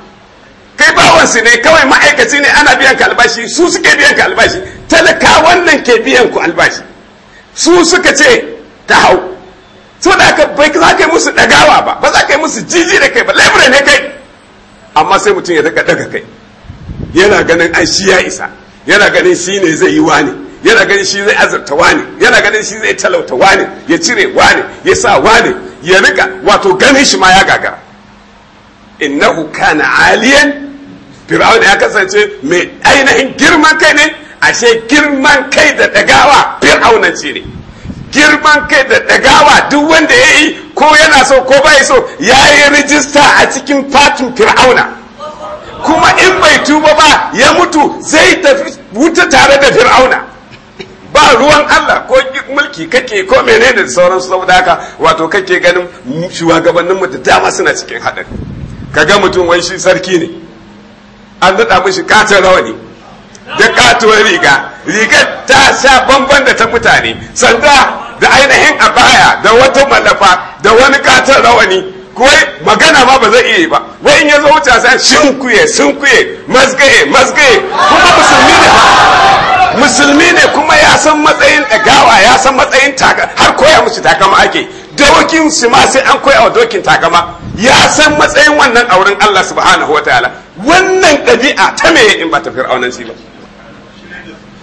kai bawansu ne kawai ma'aikaci ne ana biyan ka albashi su suke biyan ka albashi talaka wannan ke biyan ku albashi su suka ce ta hau saboda aka bai za ka yi musu dagawa ba ba za ka yi musu jiji da kai ba lebura ne kai amma sai mutum ya daga daga kai yana ganin an shi ya isa yana ganin shi ne zai yi wani yana ganin shi zai azurta wani yana ganin shi zai talauta wani ya cire wani ya sa wani ya rika wato ganin shi ma ya gagara innahu kana aliyan fir'auna ya kasance mai ainihin girman kai ne ashe girman kai da dagawa fir'auna ce ne girman kai da ɗagawa duk wanda ya yi ko yana so ko bai so ya yi rijista a cikin fatin fir'auna kuma in bai tuba ba ya mutu zai tafi wuta tare da fir'auna ba ruwan Allah ko mulki kake ko mene da sauran saboda wato kake ganin shugabannin mu da dama suna cikin haɗari ga mutum wani shi sarki ne an daɗa mishi katon rawani da katuwar riga rigar ta sha bamban da ta mutane sanda da ainihin abaya da wata mallafa da wani katon rawani kuwai magana ma ba zai iya ba wai in ya zo wuce sai sun shinkuye mazgaye mazgaye kuma musulmi ne musulmi ne kuma ya san matsayin dagawa ya san matsayin taka har koya musu takama ake dokin su ma sai an koya wa dokin takama ya san matsayin wannan a wurin Allah subhanahu wa ta'ala wannan ɗabi'a ta me in ba ta fir'aunan shi ba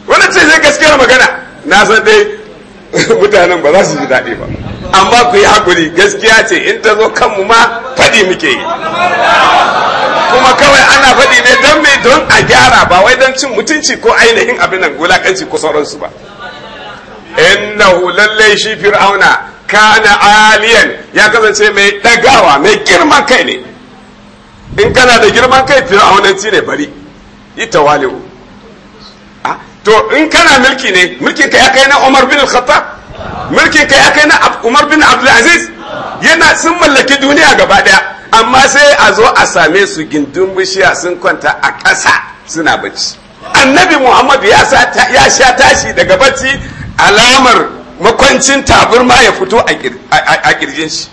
wannan ce zai gaskiyar magana na san dai mutanen ba za su ji daɗi ba amma ku yi haƙuri gaskiya ce in ta zo kanmu ma faɗi muke yi kuma kawai ana faɗi ne don mai don a gyara ba wai don cin mutunci ko ainihin abinan nan wulaƙanci ko sauransu ba innahu lallai shi fir'auna kana aliyan ya kasance mai ɗagawa mai girman kai ne in kana da girman kai fir'aunanci ne bari ita tawali'u to in kana mulki ne mulkin ka ya kai na Umar bin Al-Khattab mulkin ka ya kai na Umar bin Abdul Aziz yana sun mallaki duniya gaba daya amma sai a zo a same su gindin bishiya sun kwanta a ƙasa suna bacci annabi Muhammad ya sha tashi daga bacci alamar makwancin taburma ya fito a kirjin shi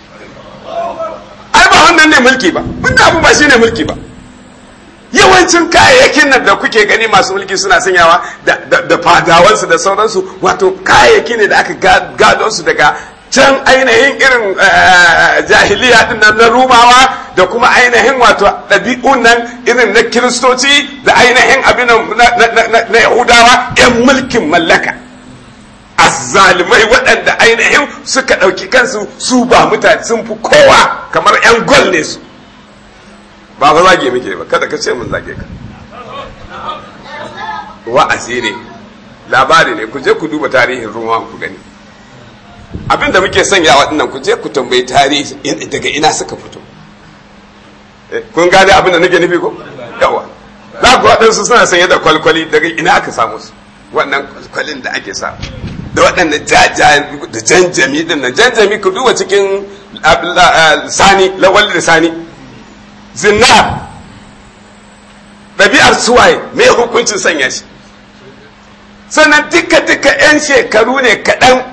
ai ba wannan ne mulki ba wannan abu ba shine mulki ba yawancin kayayyakin nan da kuke gani masu mulki suna sanyawa da fadawansu da sauransu wato kayayyaki ne da aka gado su daga can ainihin irin eh, jahiliya din nan na rumawa da kuma ainihin wato ɗabi'un nan irin na kiristoci da ainihin abin na yahudawa 'yan mulkin mallaka azzalimai waɗanda ainihin suka ɗauki kansu su ba mutane sun fi kowa kamar 'yan gwal ne su ba ba zage muke ba kada ka ce mun zage ka wa'azi ne labari ne ku je ku duba tarihin ruwa ku gani abin da muke sanya waɗannan ku je ku tambayi tarihi daga ina suka fito eh, kun gane abin da nake nufi ko yawa za ku waɗansu suna sanye da kwalkwali daga ina aka samu su wannan kwalkwalin da ake sa da waɗanda jajayen da janjami din nan janjami ku duba cikin ah, ah, sani lawal da sani zinna ɗabi'ar suwaye me hukuncin sanya shi sannan duka duka 'yan shekaru ne kaɗan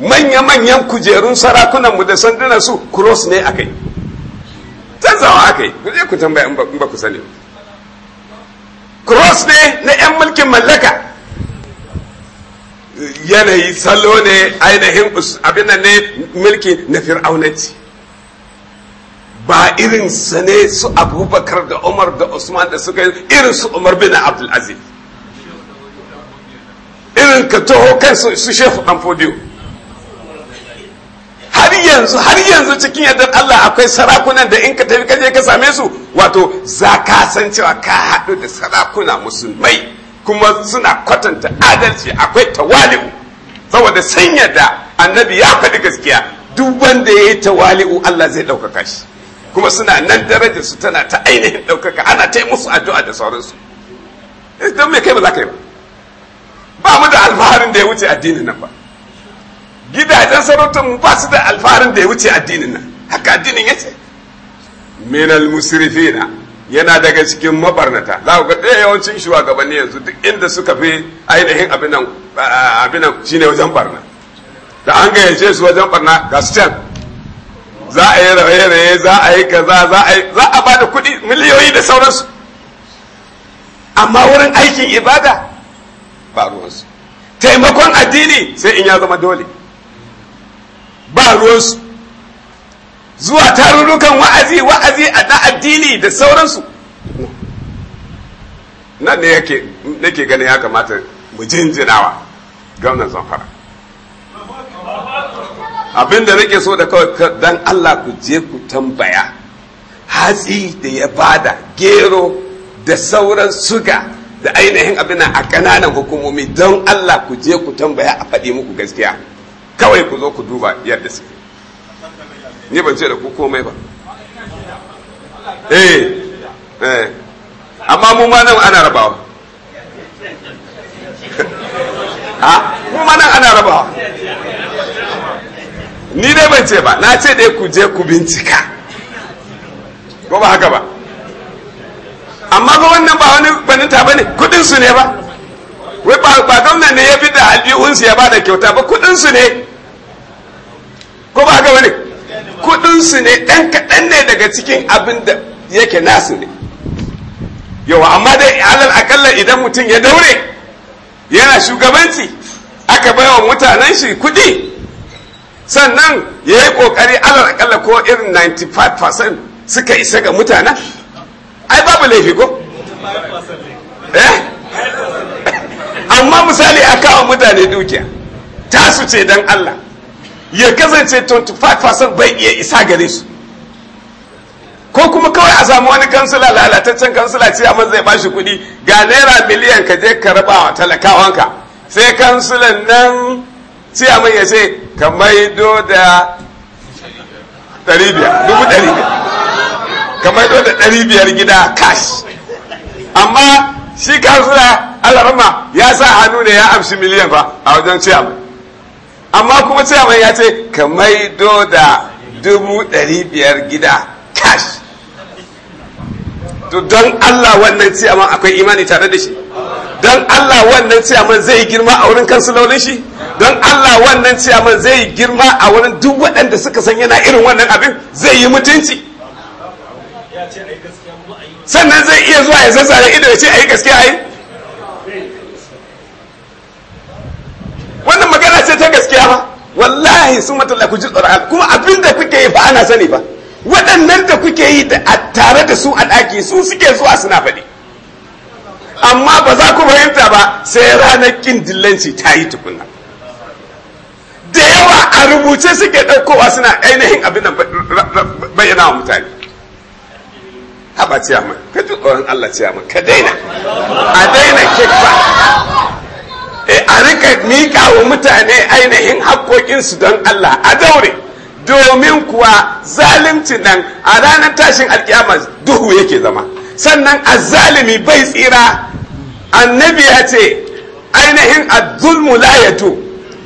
manya-manyan kujerun sarakunanmu da sanduna su cross ne aka yi canzawa aka yi ku je ku tambaya in ba ku sani cross ne na 'yan mulkin mallaka yanayi salo ne ainihin abinan ne mulki na fir'aunanci ba irin sane su abubakar da umar da usman da suka yi irin su umar bin abdulaziz irin ka taho kansu su shefu dan fodiyo har yanzu har yanzu cikin yadda Allah akwai sarakunan da in ka tafi kaje ka same su wato za ka san cewa ka haɗu da sarakuna musulmai kuma suna kwatanta adalci akwai tawali'u saboda sanya da annabi ya faɗi gaskiya duk wanda ya yi tawali'u Allah zai ɗaukaka shi kuma suna nan darajar su tana ta ainihin ɗaukaka ana ta musu addu'a da sauransu eh, don me kai ba za ka yi ba ba mu da alfaharin da ya wuce addinin nan ba gidajen sarautar mu ba su da alfaharin da ya wuce addinin nan haka addinin ya ce minal musrifina yana daga cikin mabarnata za ku ga ɗaya yawancin shugabanni yanzu duk inda suka fi ainihin abin nan shine wajen barna da an gayyace su wajen barna ga su can za a yi raye-raye za a yi kaza za a yi za a da kuɗi miliyoyi da sauransu amma wurin aikin ibada ba ruwansu taimakon addini sai in ya zama dole ba ruwansu zuwa tarurrukan wa'azi wa'azi a na addini da sauransu nan ne yake gani ya kamata mu jinjinawa gwamnan zamfara abin da nake so da kawai dan Allah ku je ku tambaya hatsi da ya bada gero da sauran suga da ainihin abin a ƙananan hukumomi don Allah ku je ku tambaya a faɗi muku gaskiya kawai ku zo ku duba yadda suke ni ban ce da ku komai ba eh eh amma mu ma nan ana rabawa ha mu ma nan ana rabawa ni dai ban ce ba na ce dai ku je ku bincika ko ba haka ba amma ba wannan ba wani baninta ba ne kudinsu ne ba wai ba gwamna ne ya fi da aljihunsu ya ba da kyauta ba kudinsu ne ko ba haka ba ne kudinsu ne ɗan kaɗan ne daga cikin abin da yake nasu ne yawa amma dai alal akalla idan mutum ya daure yana shugabanci aka baiwa mutanen shi kudi sannan ya yi kokari alal akalla ko irin 95% suka isa ga mutane ai babu laifi ko eh? amma misali a kawo mutane dukiya tasu ce don allah ya kasance 25% bai iya isa gare su ko kuma kawai a samu wani kansula lalataccen kansula ce amma zai bashi kuɗi ga naira miliyan ka je ka rabawa wa talakawanka sai kansulan nan ciyaman ya ce ka maido da ɗari biyar dubu ɗari biyar ka maido da ɗari biyar gida cash amma shi kansila alarma ya sa hannu ne ya amshi miliyan fa a wajen ciyaman amma kuma ciyaman ya ce ka maido da dubu ɗari biyar gida cash to don allah wannan ciyaman akwai imani tare da shi don Allah wannan ciyaman zai yi girma a wurin launin shi don Allah wannan ciyaman zai yi girma a wurin duk waɗanda suka san yana irin wannan abin zai yi mutunci sannan zai iya zuwa ya zazzare ido ya ce a yi gaskiya yi wannan magana ce ta gaskiya ba wallahi sun matalla ku ji tsoron kuma abin da kuke yi ba ana sani ba waɗannan da kuke yi da tare da su a ɗaki su suke zuwa suna faɗi amma ba za ku fahimta ba sai ranar kin dillanci ta yi tukuna da yawa a rubuce suke ɗaukowa suna ainihin abin da bayyana wa mutane haɓa ciyama ka ji tsoron allah ciyama ka daina a daina e a rika miƙa wa mutane ainihin haƙoƙinsu don Allah a daure domin kuwa zalunci nan a ranar tashin alƙiyama duhu yake zama sannan azalimi bai tsira annabi ya ce ainihin azzulmu la yato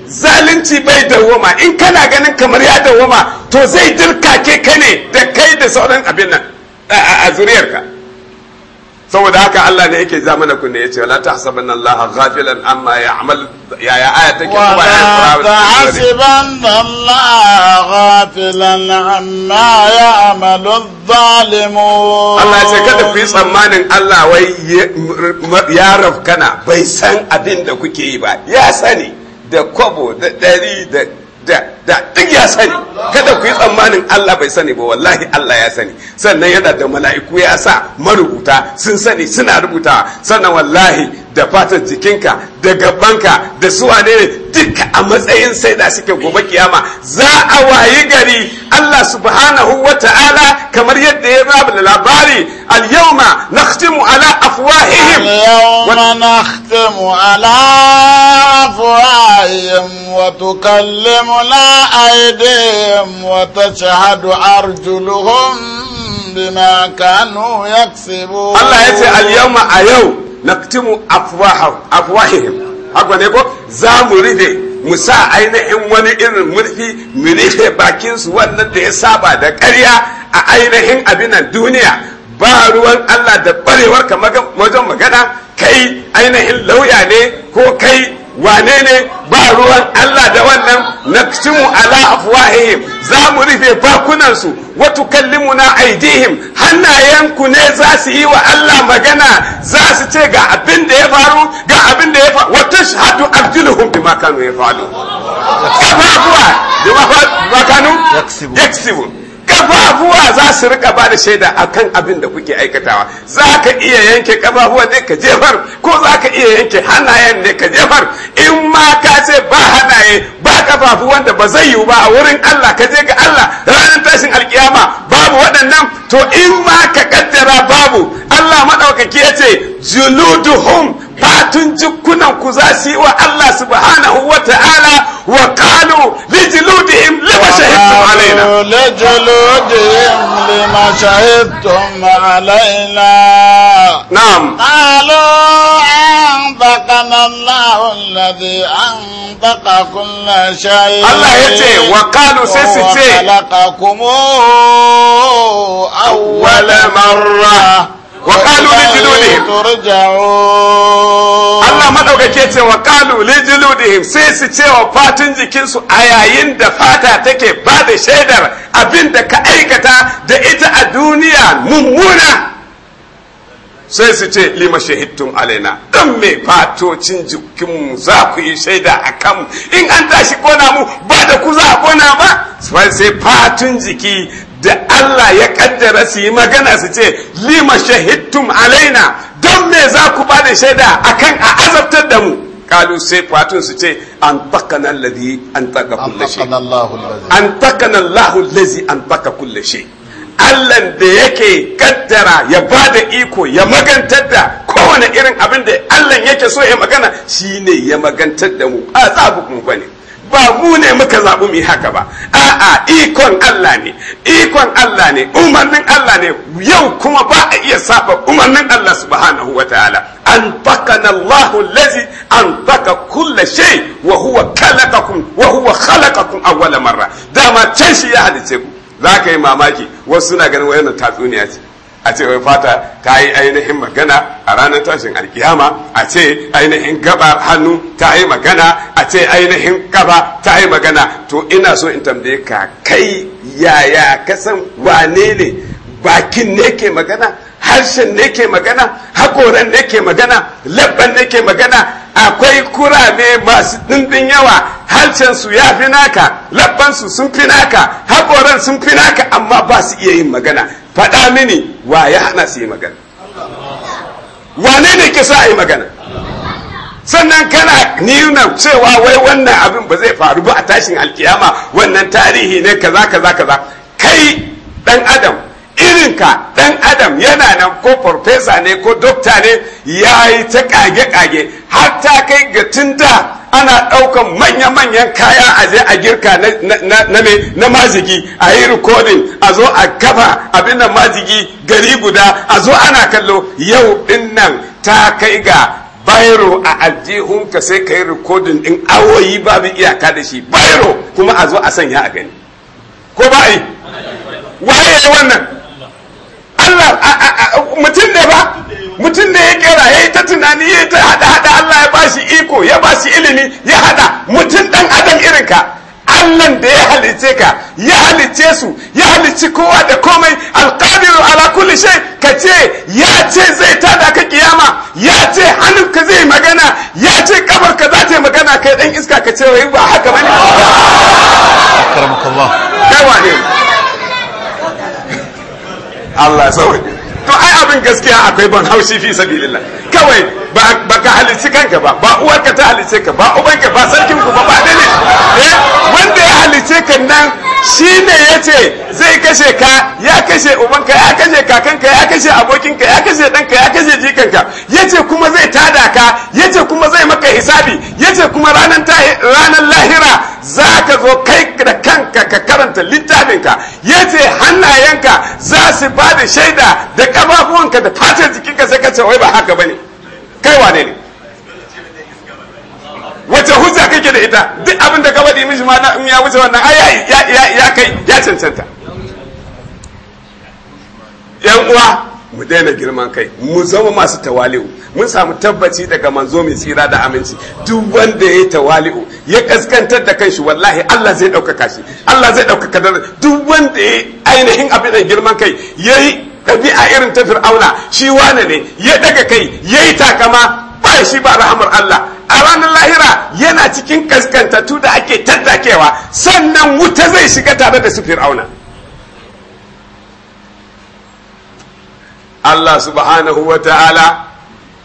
zalunci bai dawwama in kana ganin kamar ya dawwama to zai dirkake ka ne da kai da sauran abin nan a zuriyarka saboda haka Allah ne yake ja mana kunne yace la tahsabanna Allah ghafilan amma ya'mal ya ya aya take kuma ya fara tahsabanna Allah ghafilan amma ya'malu dhalimu Allah ce kada ku yi tsammanin Allah wai ya rafkana bai san abin da kuke yi ba ya sani da kwabo da dari da da da duk ya sani kada ku yi tsammanin Allah bai sani ba wallahi Allah ya sani sannan yana da mala'iku ya sa marubuta sun sani suna rubuta sannan wallahi da fatan jikinka da gabanka da suwane ne duka a matsayin sai da suke gobe kiyama za a wayi gari Allah subhanahu wa ta'ala kamar yadda ya babu labari al yawma nakhtimu ala أفواههم يوم نختم على أفواههم وتكلمنا أيديهم وتشهد أرجلهم بما كانوا يكسبون الله يتي اليوم أيو نختم أفواههم أفواههم أقول ne ko دي مساء أين mu sa ainihin wani irin murfi mu rufe bakinsu wannan da ya saba da ƙarya ba ruwan Allah da barewar ka wajen magana kai ainihin lauya ne ko kai wane ne ba ruwan Allah da wannan naktimu ala afwahihim za mu rufe bakunansu watu na aidihim hannayenku ne za su yi wa Allah magana za su ce ga abin da ya faru ga abin da ya faru wata shahadu abdulluhum bi ya faru yaksibu kafafuwa za su rika ba da shaida akan abin da kuke aikatawa za ka iya yanke kafafuwa ne ka jefar ko za ka iya yanke hannayen ne ka jefar in ma ka ce ba hannaye ba kafafu wanda ba zai yiwu ba a wurin Allah ka je ga Allah ranar tashin alkiyama babu waɗannan to in ma ka kaddara babu Allah maɗaukaki ya ce juluduhum karatun jikunan ku za su yi wa Allah subhanahu wa ta'ala wa qalu li juludihim lima shahidtum alaina li juludihim lima shahidtum alaina na'am qalu anbaqana Allah alladhi anbaqa kull shay Allah yace wa qalu sai su ce khalaqakum awwala marra wa qalu li juludihim Allah madaukake ce wa qalu li sai su ce wa fatin jikin a yayin da fata take ba da shaidar abin da ka aikata da ita a duniya mummuna sai su ce lima shahidtum alaina dan me fatocin jikinmu za ku yi shaida a kanmu in an tashi kona mu ba da ku za a kona ba sai fatun jiki da Allah ya kaddara su yi magana su ce lima shahittum alaina don me za ku ba da shaida kan a azabtar da mu kalu sai fatun su ce an takana lazi an taka kulle an takana Allahu lazi an taka kulle Allah da yake kaddara ya ba da iko ya magantar da kowane irin abin da Allah yake so ya magana shine ya magantar da mu azabukum bane ba mu ne muka zaɓi mu yi haka ba a'a ikon Allah ne ikon Allah ne umarnin Allah ne yau kuma ba a iya saba umarnin Allah subhanahu wa ta'ala an takana Allah lazi an taka kulle shai wa huwa khalaqakum wa huwa khalaqakum awwala marra dama can shi ya halice ku zaka yi mamaki wasu suna ganin wayannan tatsuniya ce a ce wai fata ta yi ainihin magana a ranar tashin alkiyama a ce ainihin gabar hannu ta yi magana a ce ainihin kaba ta yi magana to ina so in tambaye ka kai yaya kasan wane ne bakin ne ke magana harshen ne ke magana hakoran ne ke magana labban ne ke magana akwai kurame masu ɗimbin yawa harshen su ya fi naka labban su sun fi naka hakoran sun fi naka amma ba su iya yin magana faɗa mini wa ya hana su yi magana wane ne ke sa a yi magana sannan kana nuna cewa wai wannan abin ba zai faru ba a tashin alkiyama wannan tarihi ne kaza kaza kaza kai dan adam irinka ɗan adam yana nan ko farfesa ne ko dokta ne ya yi ta kage-kage har ta kai ga tun ana ɗaukan manya-manyan kaya a zai a girka na majigi a yi rikodin a zo a kafa abin da majigi gari guda a zo ana kallo yau ɗin nan ta kai ga bairo a aljihunka sai ka yi rikodin ɗin awoyi babu iyaka da shi bairo kuma a zo a sanya a gani ko ba yi waye wannan tunani ya ta hada hada Allah ya bashi iko ya bashi ilimi ya hada mutum dan adam irin ka Allahn da ya halice ka ya halice su ya halici kowa da komai alqadiru ala kulli shay ka ce ya ce zai tada ka kiyama ya ce hannunka zai magana ya ce kabar ka za ta yi magana kai dan iska ka ce wai ba haka bane akramakallah Allah ya to ai abin gaskiya akwai ban haushi fi sabilillah kawai ba ka halice kanka ba ba uwarka ta halice ka ba ubanka ba sarkin ku ba ba ne eh, wanda ya halice ka nan shi ne ya ce zai kashe ka ya kashe ubanka ya kashe kakanka ya kashe abokinka ya kashe ɗanka ya kashe jikanka ya ce kuma zai tada ka ya ce kuma zai maka hisabi ya ce kuma ranar lahira za ka zo kai da kanka ka karanta littafinka ya ce hannayenka za su ba da shaida da kafafuwanka da fatar jikinka sai ka ce wai ba haka ba ne kai wane ne wace hujja kake da ita duk abin da ka faɗi mishi ma in ya wuce wannan ai ya kai ya cancanta yan uwa mu daina girman kai mu zama masu tawali'u mun samu tabbaci daga manzo mai tsira da aminci duk wanda ya tawali'u ya kaskantar da kanshi wallahi Allah zai ɗaukaka shi Allah zai ɗaukaka da duk wanda ya ainihin abin da girman kai yayi ɗabi'a irin ta fir'auna shi wane ne ya daga kai yayi takama ba shi ba rahamar Allah a ranar lahira yana cikin kaskantattu da ake tattakewa sannan wuta zai shiga tare da su fir'auna Allah subhanahu wa ta'ala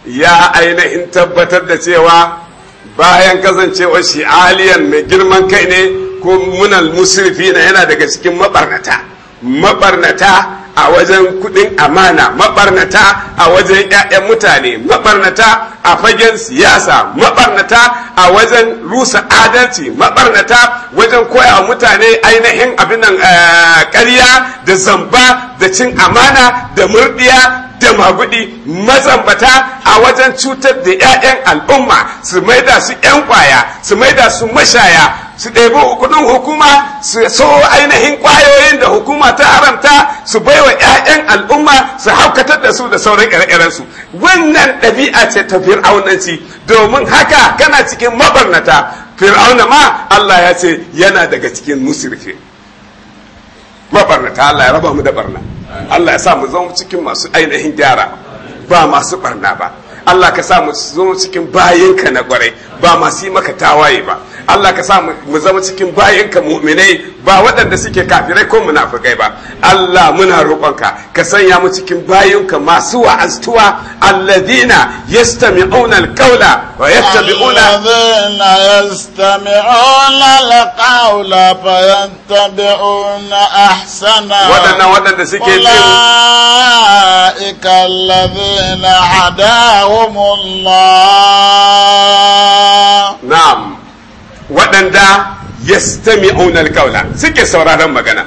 ya ainihin tabbatar da cewa bayan kazancewa shi aliyan mai girman kai ne ko munal na yana daga cikin mabarnata mabarnata a wajen kudin amana mabarnata a wajen 'ya'yan mutane mabarnata a fagen siyasa mabarnata a wajen rusa adalci mabarnata wajen koya mutane ainihin abin nan eh, ƙarya da zamba da cin amana da murdiya da magudi mazambata a wajen cutar da 'ya'yan al'umma su maida su 'yan kwaya su maida su mashaya su ɗebi kudin hukuma su so ainihin kwayoyin da hukuma ta haramta su baiwa 'ya'yan al'umma su haukatar da su da sauran ire wannan ɗabi'a ce ta fir'aunanci domin haka kana cikin mabarnata fir'auna ma Allah ya ce yana daga cikin musirke mabarnata Allah ya raba mu da barna Allah ya sa mu zama cikin masu ainihin gyara ba masu barna ba Allah ka sa mu zama cikin bayinka na kwarai ba masu yi maka tawaye ba Allah ka sa mu zama cikin bayanka mu'minai ba waɗanda suke kafirai ko munafikai ba Allah muna roƙonka ka sanya mu cikin bayanka masu wa'aztuwa alladhina yastami'una alqawla wa yattabi'una alladhina yastami'una alqawla fa yattabi'una ahsana waɗannan waɗanda suke jin ulaika alladhina hadahumullah na'am waɗanda yastami'una alqawla suke sauraron magana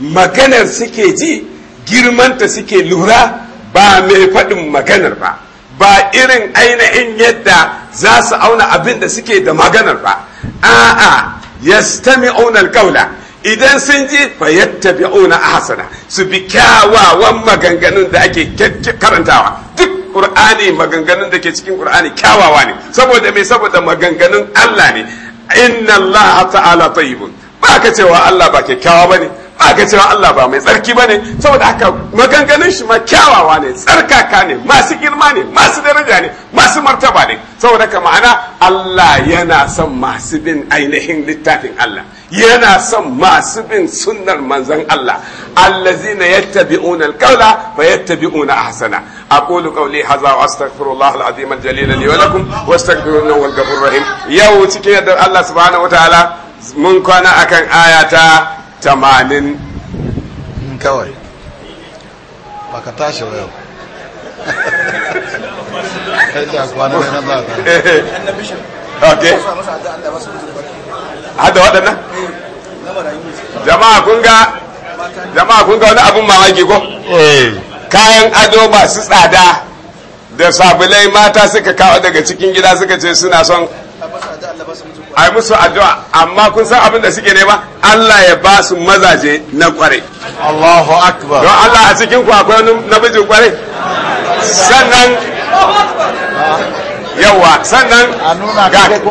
maganar suke ji girmanta suke lura ba mai faɗin maganar ba ba irin ainihin yadda za su auna abin da suke da maganar ba a'a yastami'una alqawla idan sun ji fayattabi'una ahsana su bi kyawawan maganganun da ake karantawa duk ƙur'ani maganganun da ke cikin ƙur'ani kyawawa ne saboda me saboda maganganun Allah ne inna Allah ta'ala tayyibun ba ka cewa Allah ba kyakkyawa ne. ba ga cewa Allah ba mai tsarki ne saboda haka maganganun shi ma kyawawa ne tsarkaka ne masu girma ne masu daraja ne masu martaba ne saboda ka ma'ana Allah yana son masu bin ainihin littafin Allah yana son masu bin sunnar manzon Allah allazina yattabi'una alqawla fa yattabi'una ahsana aqulu qawli hadha wa astaghfirullah alazim aljalil li wa lakum wastaghfiruhu wal ghafurur rahim yau cikin yadda Allah subhanahu wa ta'ala mun kwana akan ayata tamanin kawai ba ka tashi wa yau hada waɗannan jama'a kun ga jama'a kun ga wani abin mamaki ko eh. kayan ado ba su tsada da sabulai mata suka kawo daga cikin gida suka ce suna son a yi musu addu'a amma kun san abin da suke nema Allah ya ba su mazaje na kware Allahu akbar don Allah a cikin ku akwai namijin kware sannan yawa sannan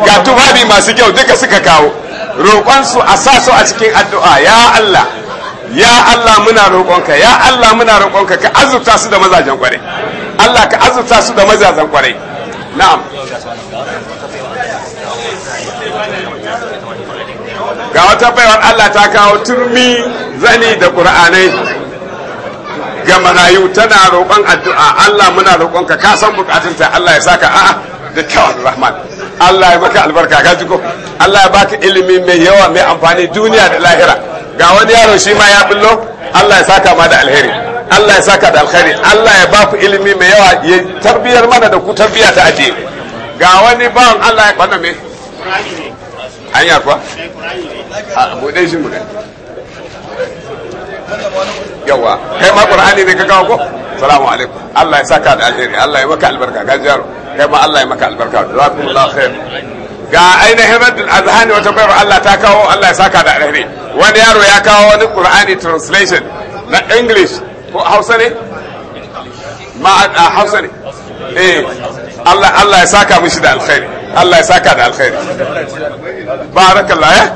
ga tufafi masu kyau duka suka kawo roƙonsu a sa su a cikin addu'a ya Allah ya Allah muna roƙonka ya Allah muna roƙonka ka azurta su da mazajen kware Allah ka azurta su da mazajen kware na'am ga wata baiwar Allah ta kawo turmi zani da ƙur'anai ga marayu tana roƙon addu'a Allah muna roƙon ka kasan san bukatunta Allah ya saka a da kyawar rahman Allah ya maka albarka ka jiko Allah ya baka ilimi mai yawa mai amfani duniya da lahira ga wani yaro shi ma ya billo Allah ya saka ma da alheri Allah ya saka da alheri Allah ya baku ilimi mai yawa ya tarbiyar mana da ku tarbiya ta addini ga wani bawan Allah ya wannan mai hanya kuwa a buɗe shi mu gani yawa kai ma qur'ani ne ka kawo ko salamu alaikum Allah ya saka da alheri Allah ya maka albarka ga jaro kai ma Allah ya maka albarka da jazakumullahu khair ga ainihin raddul azhani wata bayar Allah ta kawo Allah ya saka da alheri wani yaro ya kawo wani qur'ani translation na english ko hausa ne ma a ah, hausa ne eh Allah Allah ya saka mishi da alheri Allah ya saka da alheri barakallah ya eh?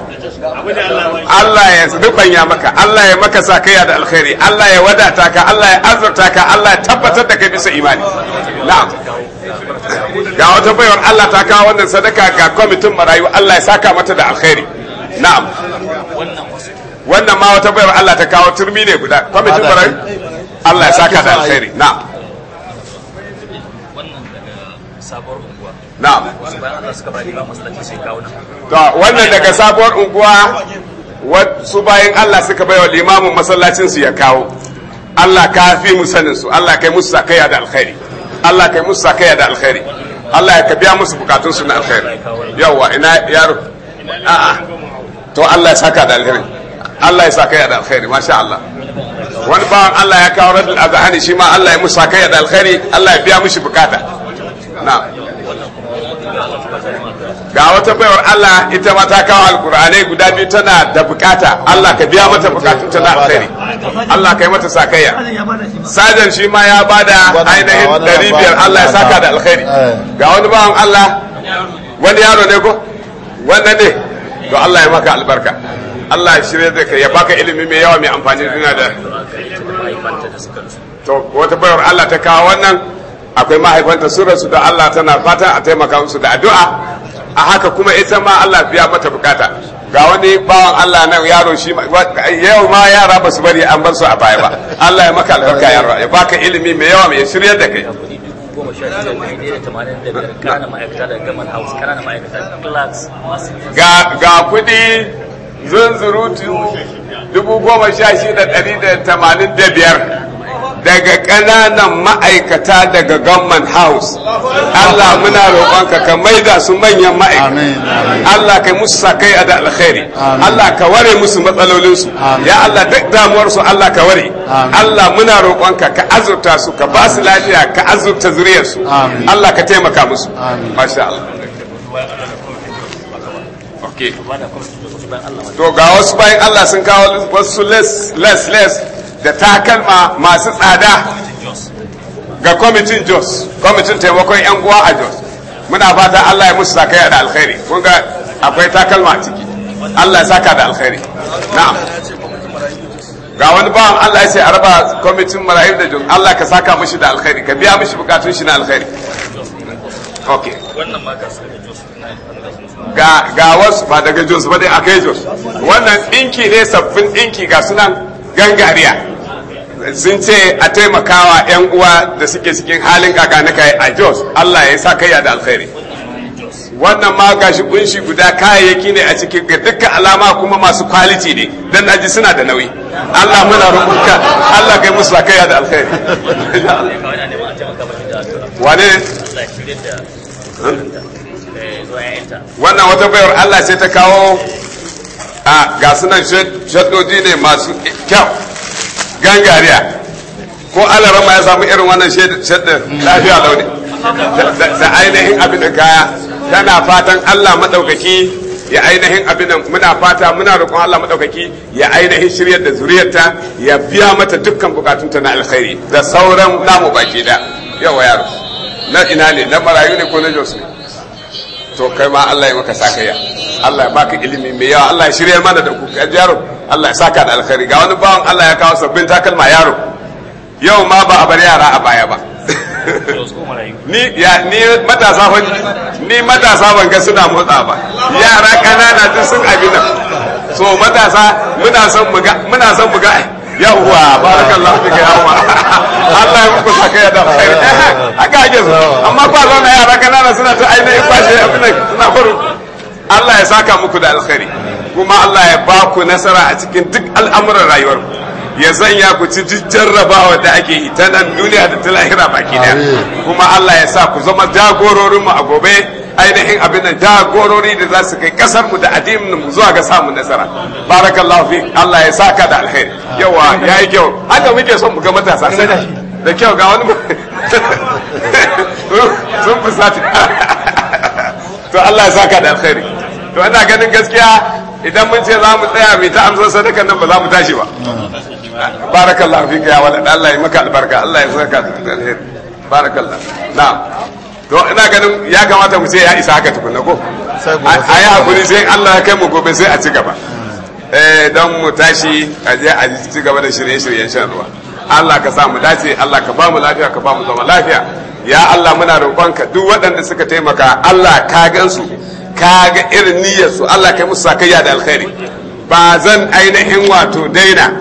Allah ya rubanya maka Allah ya maka sakaya da alkhairi Allah ya wadata ka Allah ya azurta ka Allah ya tabbatar da kai bisa imani na'am ga wata baiwar Allah ta kawo wannan sadaka ga kwamitin marayu Allah ya saka mata da alkhairi na'am wannan ma wata baiwar Allah ta kawo turmi ne guda kwamitin marayu Allah ya saka da alkhairi na'am wannan daga sabuwar na'am to wannan daga sabuwar unguwa wasu bayan Allah suka baiwa limamin masallacin su ya kawo Allah ka fi mu su Allah kai musu sakaya da alkhairi Allah kai musu sakaya da alkhairi Allah ya biya musu bukatun su na alkhairi yawa ina yaro a'a to Allah ya saka da alkhairi Allah ya sakaya da alkhairi masha Allah wani ba Allah ya kawo radul azhani shi ma Allah ya musu sakaya da alkhairi Allah ya biya musu bukata na'am ga wata baiwar Allah ita ma ta kawo alkur'anai guda biyu tana da bukata Allah ka biya mata bukatun ta na akari Allah ka yi mata sakayya sajan shi ma ya bada ainihin dari biyar Allah ya saka da alkhairi ga wani bawan Allah wani yaro ne ko wannan ne to Allah ya maka albarka Allah ya shirye da ya baka ilimi mai yawa mai amfani duniya da to wata bayar Allah ta kawo wannan akwai mahaifanta sun da Allah tana fata a taimaka musu da addu'a a haka kuma ita ma Allah biya mata bukata ga wani bawan Allah nan yaro shi yau ma yara ba su bari an bar su a baya ba Allah ya maka albarka yaro ya baka ilimi mai yawa mai shiryar da kai ga kudi zunzurutu dubu goma sha shida ɗari da tamanin da biyar daga ƙananan ma'aikata daga government house Allah muna roƙonka ka maida su manyan ma'aikata Allah kai musu Kai a da alkhairi Allah ka ware musu matsalolinsu ya Allah duk damuwarsu Allah ka ware Allah muna roƙonka ka azurta su ka ba su lafiya ka azurta zuriyarsu Allah ka taimaka musu masha Allah to ga wasu bayan Allah sun kawo wasu less less less da takalma masu tsada ga kwamitin jos kwamitin taimakon 'yan uwa a jos muna fata allah ya musu sakaya da alkhairi kun ga akwai takalma a ciki allah ya saka da alkhairi na'am ga wani bawan allah ya ce a raba kwamitin marayu da jos allah ka saka mishi da alkhairi ka biya mishi bukatun shi na alkhairi ok ga ga wasu ba daga jos ba dai akai jos wannan dinki ne sabbin dinki ga sunan gangariya sun ce a taimakawa 'yan uwa da suke cikin halin kai a jos allah ya sa kai da alkhairi wannan ma gashi kunshi guda kayayyaki ne a cikin ga dukkan alama kuma masu kwaliti ne don aji suna da nauyi allah muna rubuta allah kai musu kai da alkhairi wane wannan wata bayar allah sai ta kawo a ga sunan shaddodi ne masu kyau gangariya ko alarama ya samu irin wannan shaddar lafiya launi da ainihin abin da kaya tana fatan allah maɗaukaki ya ainihin abin da muna fata muna roƙon allah maɗaukaki ya ainihin shiryar da zuriyarta ya biya mata dukkan bukatunta na alkhairi da sauran namu baki da yawa yaro na ina ne na marayu ne ko na jos ne to kai ma Allah ya maka sakaya Allah ya baka ilimi mai yawa Allah ya shirya mana da kuka yaro Allah ya saka da alkhairi ga wani bawan Allah ya kawo sabbin takalma yaro yau ma ba a bar yara a baya ba ni ya ni matasa ban ni matasa ban ga suna motsa ba yara kanana duk sun abin nan so matasa muna son mu ga muna son mu yawwa barakallahu fika yawwa Allah ya muku saka ya da khair haka ake so amma ba ya raka kanana suna ta ainihin kwashe abin suna faru Allah ya saka muku da alkhairi kuma Allah ya ba ku nasara a cikin duk al'amuran rayuwarku ya sanya ku ci jarrabawa da ake yi ta nan duniya da ta lahira baki daya kuma Allah ya sa ku zama jagororinmu a gobe ainihin abin nan jagorori da za su kai kasar mu da addinin mu zuwa ga samun nasara barakallahu fi Allah ya saka da alheri yawa yayi kyau haka muke son mu ga matasa sai da kyau ga wani sun fusata to Allah ya saka da alheri to ana ganin gaskiya idan mun ce za mu tsaya mai ta amsar sadakan nan ba za mu tashi ba barakallahu fi ya wala Allah ya maka albarka Allah ya saka da alheri barakallahu na'am to ina ganin ya kamata mu ce ya isa haka tukunna ko a yi hakuri sai Allah ya kai mu gobe sai a ci gaba hmm. eh, don mu tashi a je a ci gaba da shirye-shiryen shan ruwa Allah ka sa mu dace Allah ka ba mu lafiya ka ba mu zama lafiya ya Allah muna roƙonka duk waɗanda suka taimaka Allah ka gansu ka ga irin niyyarsu Allah kai musu sakayya da alkhairi ba zan ainihin wato daina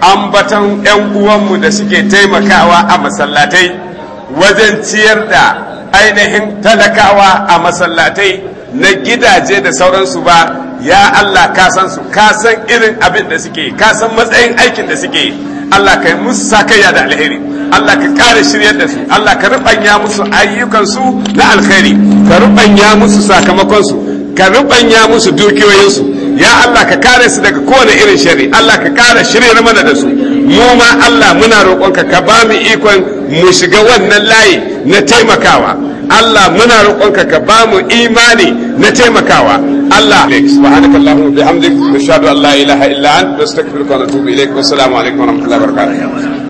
ambatan 'yan uwanmu da suke taimakawa a masallatai wajen ciyar da ainihin talakawa a masallatai na gidaje da sauransu ba ya Allah ka san su ka san irin abin da suke ka san matsayin aikin da suke Allah ka yi musu sakayya da alheri Allah ka kare shiryar da su Allah ka rubanya musu ayyukansu na alkhairi ka rubanya musu sakamakonsu ka rubanya musu dukiyoyinsu ya Allah ka kare su daga kowane irin shari Allah ka kare shiryar mana da su mu ma Allah muna roƙonka ka ba mu ikon mu shiga wannan layi na taimakawa Allah muna roƙonka ka ba mu imani na taimakawa Allah subhanaka allahumma bihamdik nashhadu an la ilaha illa anta nastaghfiruka wa natubu ilaik wa assalamu alaikum wa rahmatullahi wa barakatuh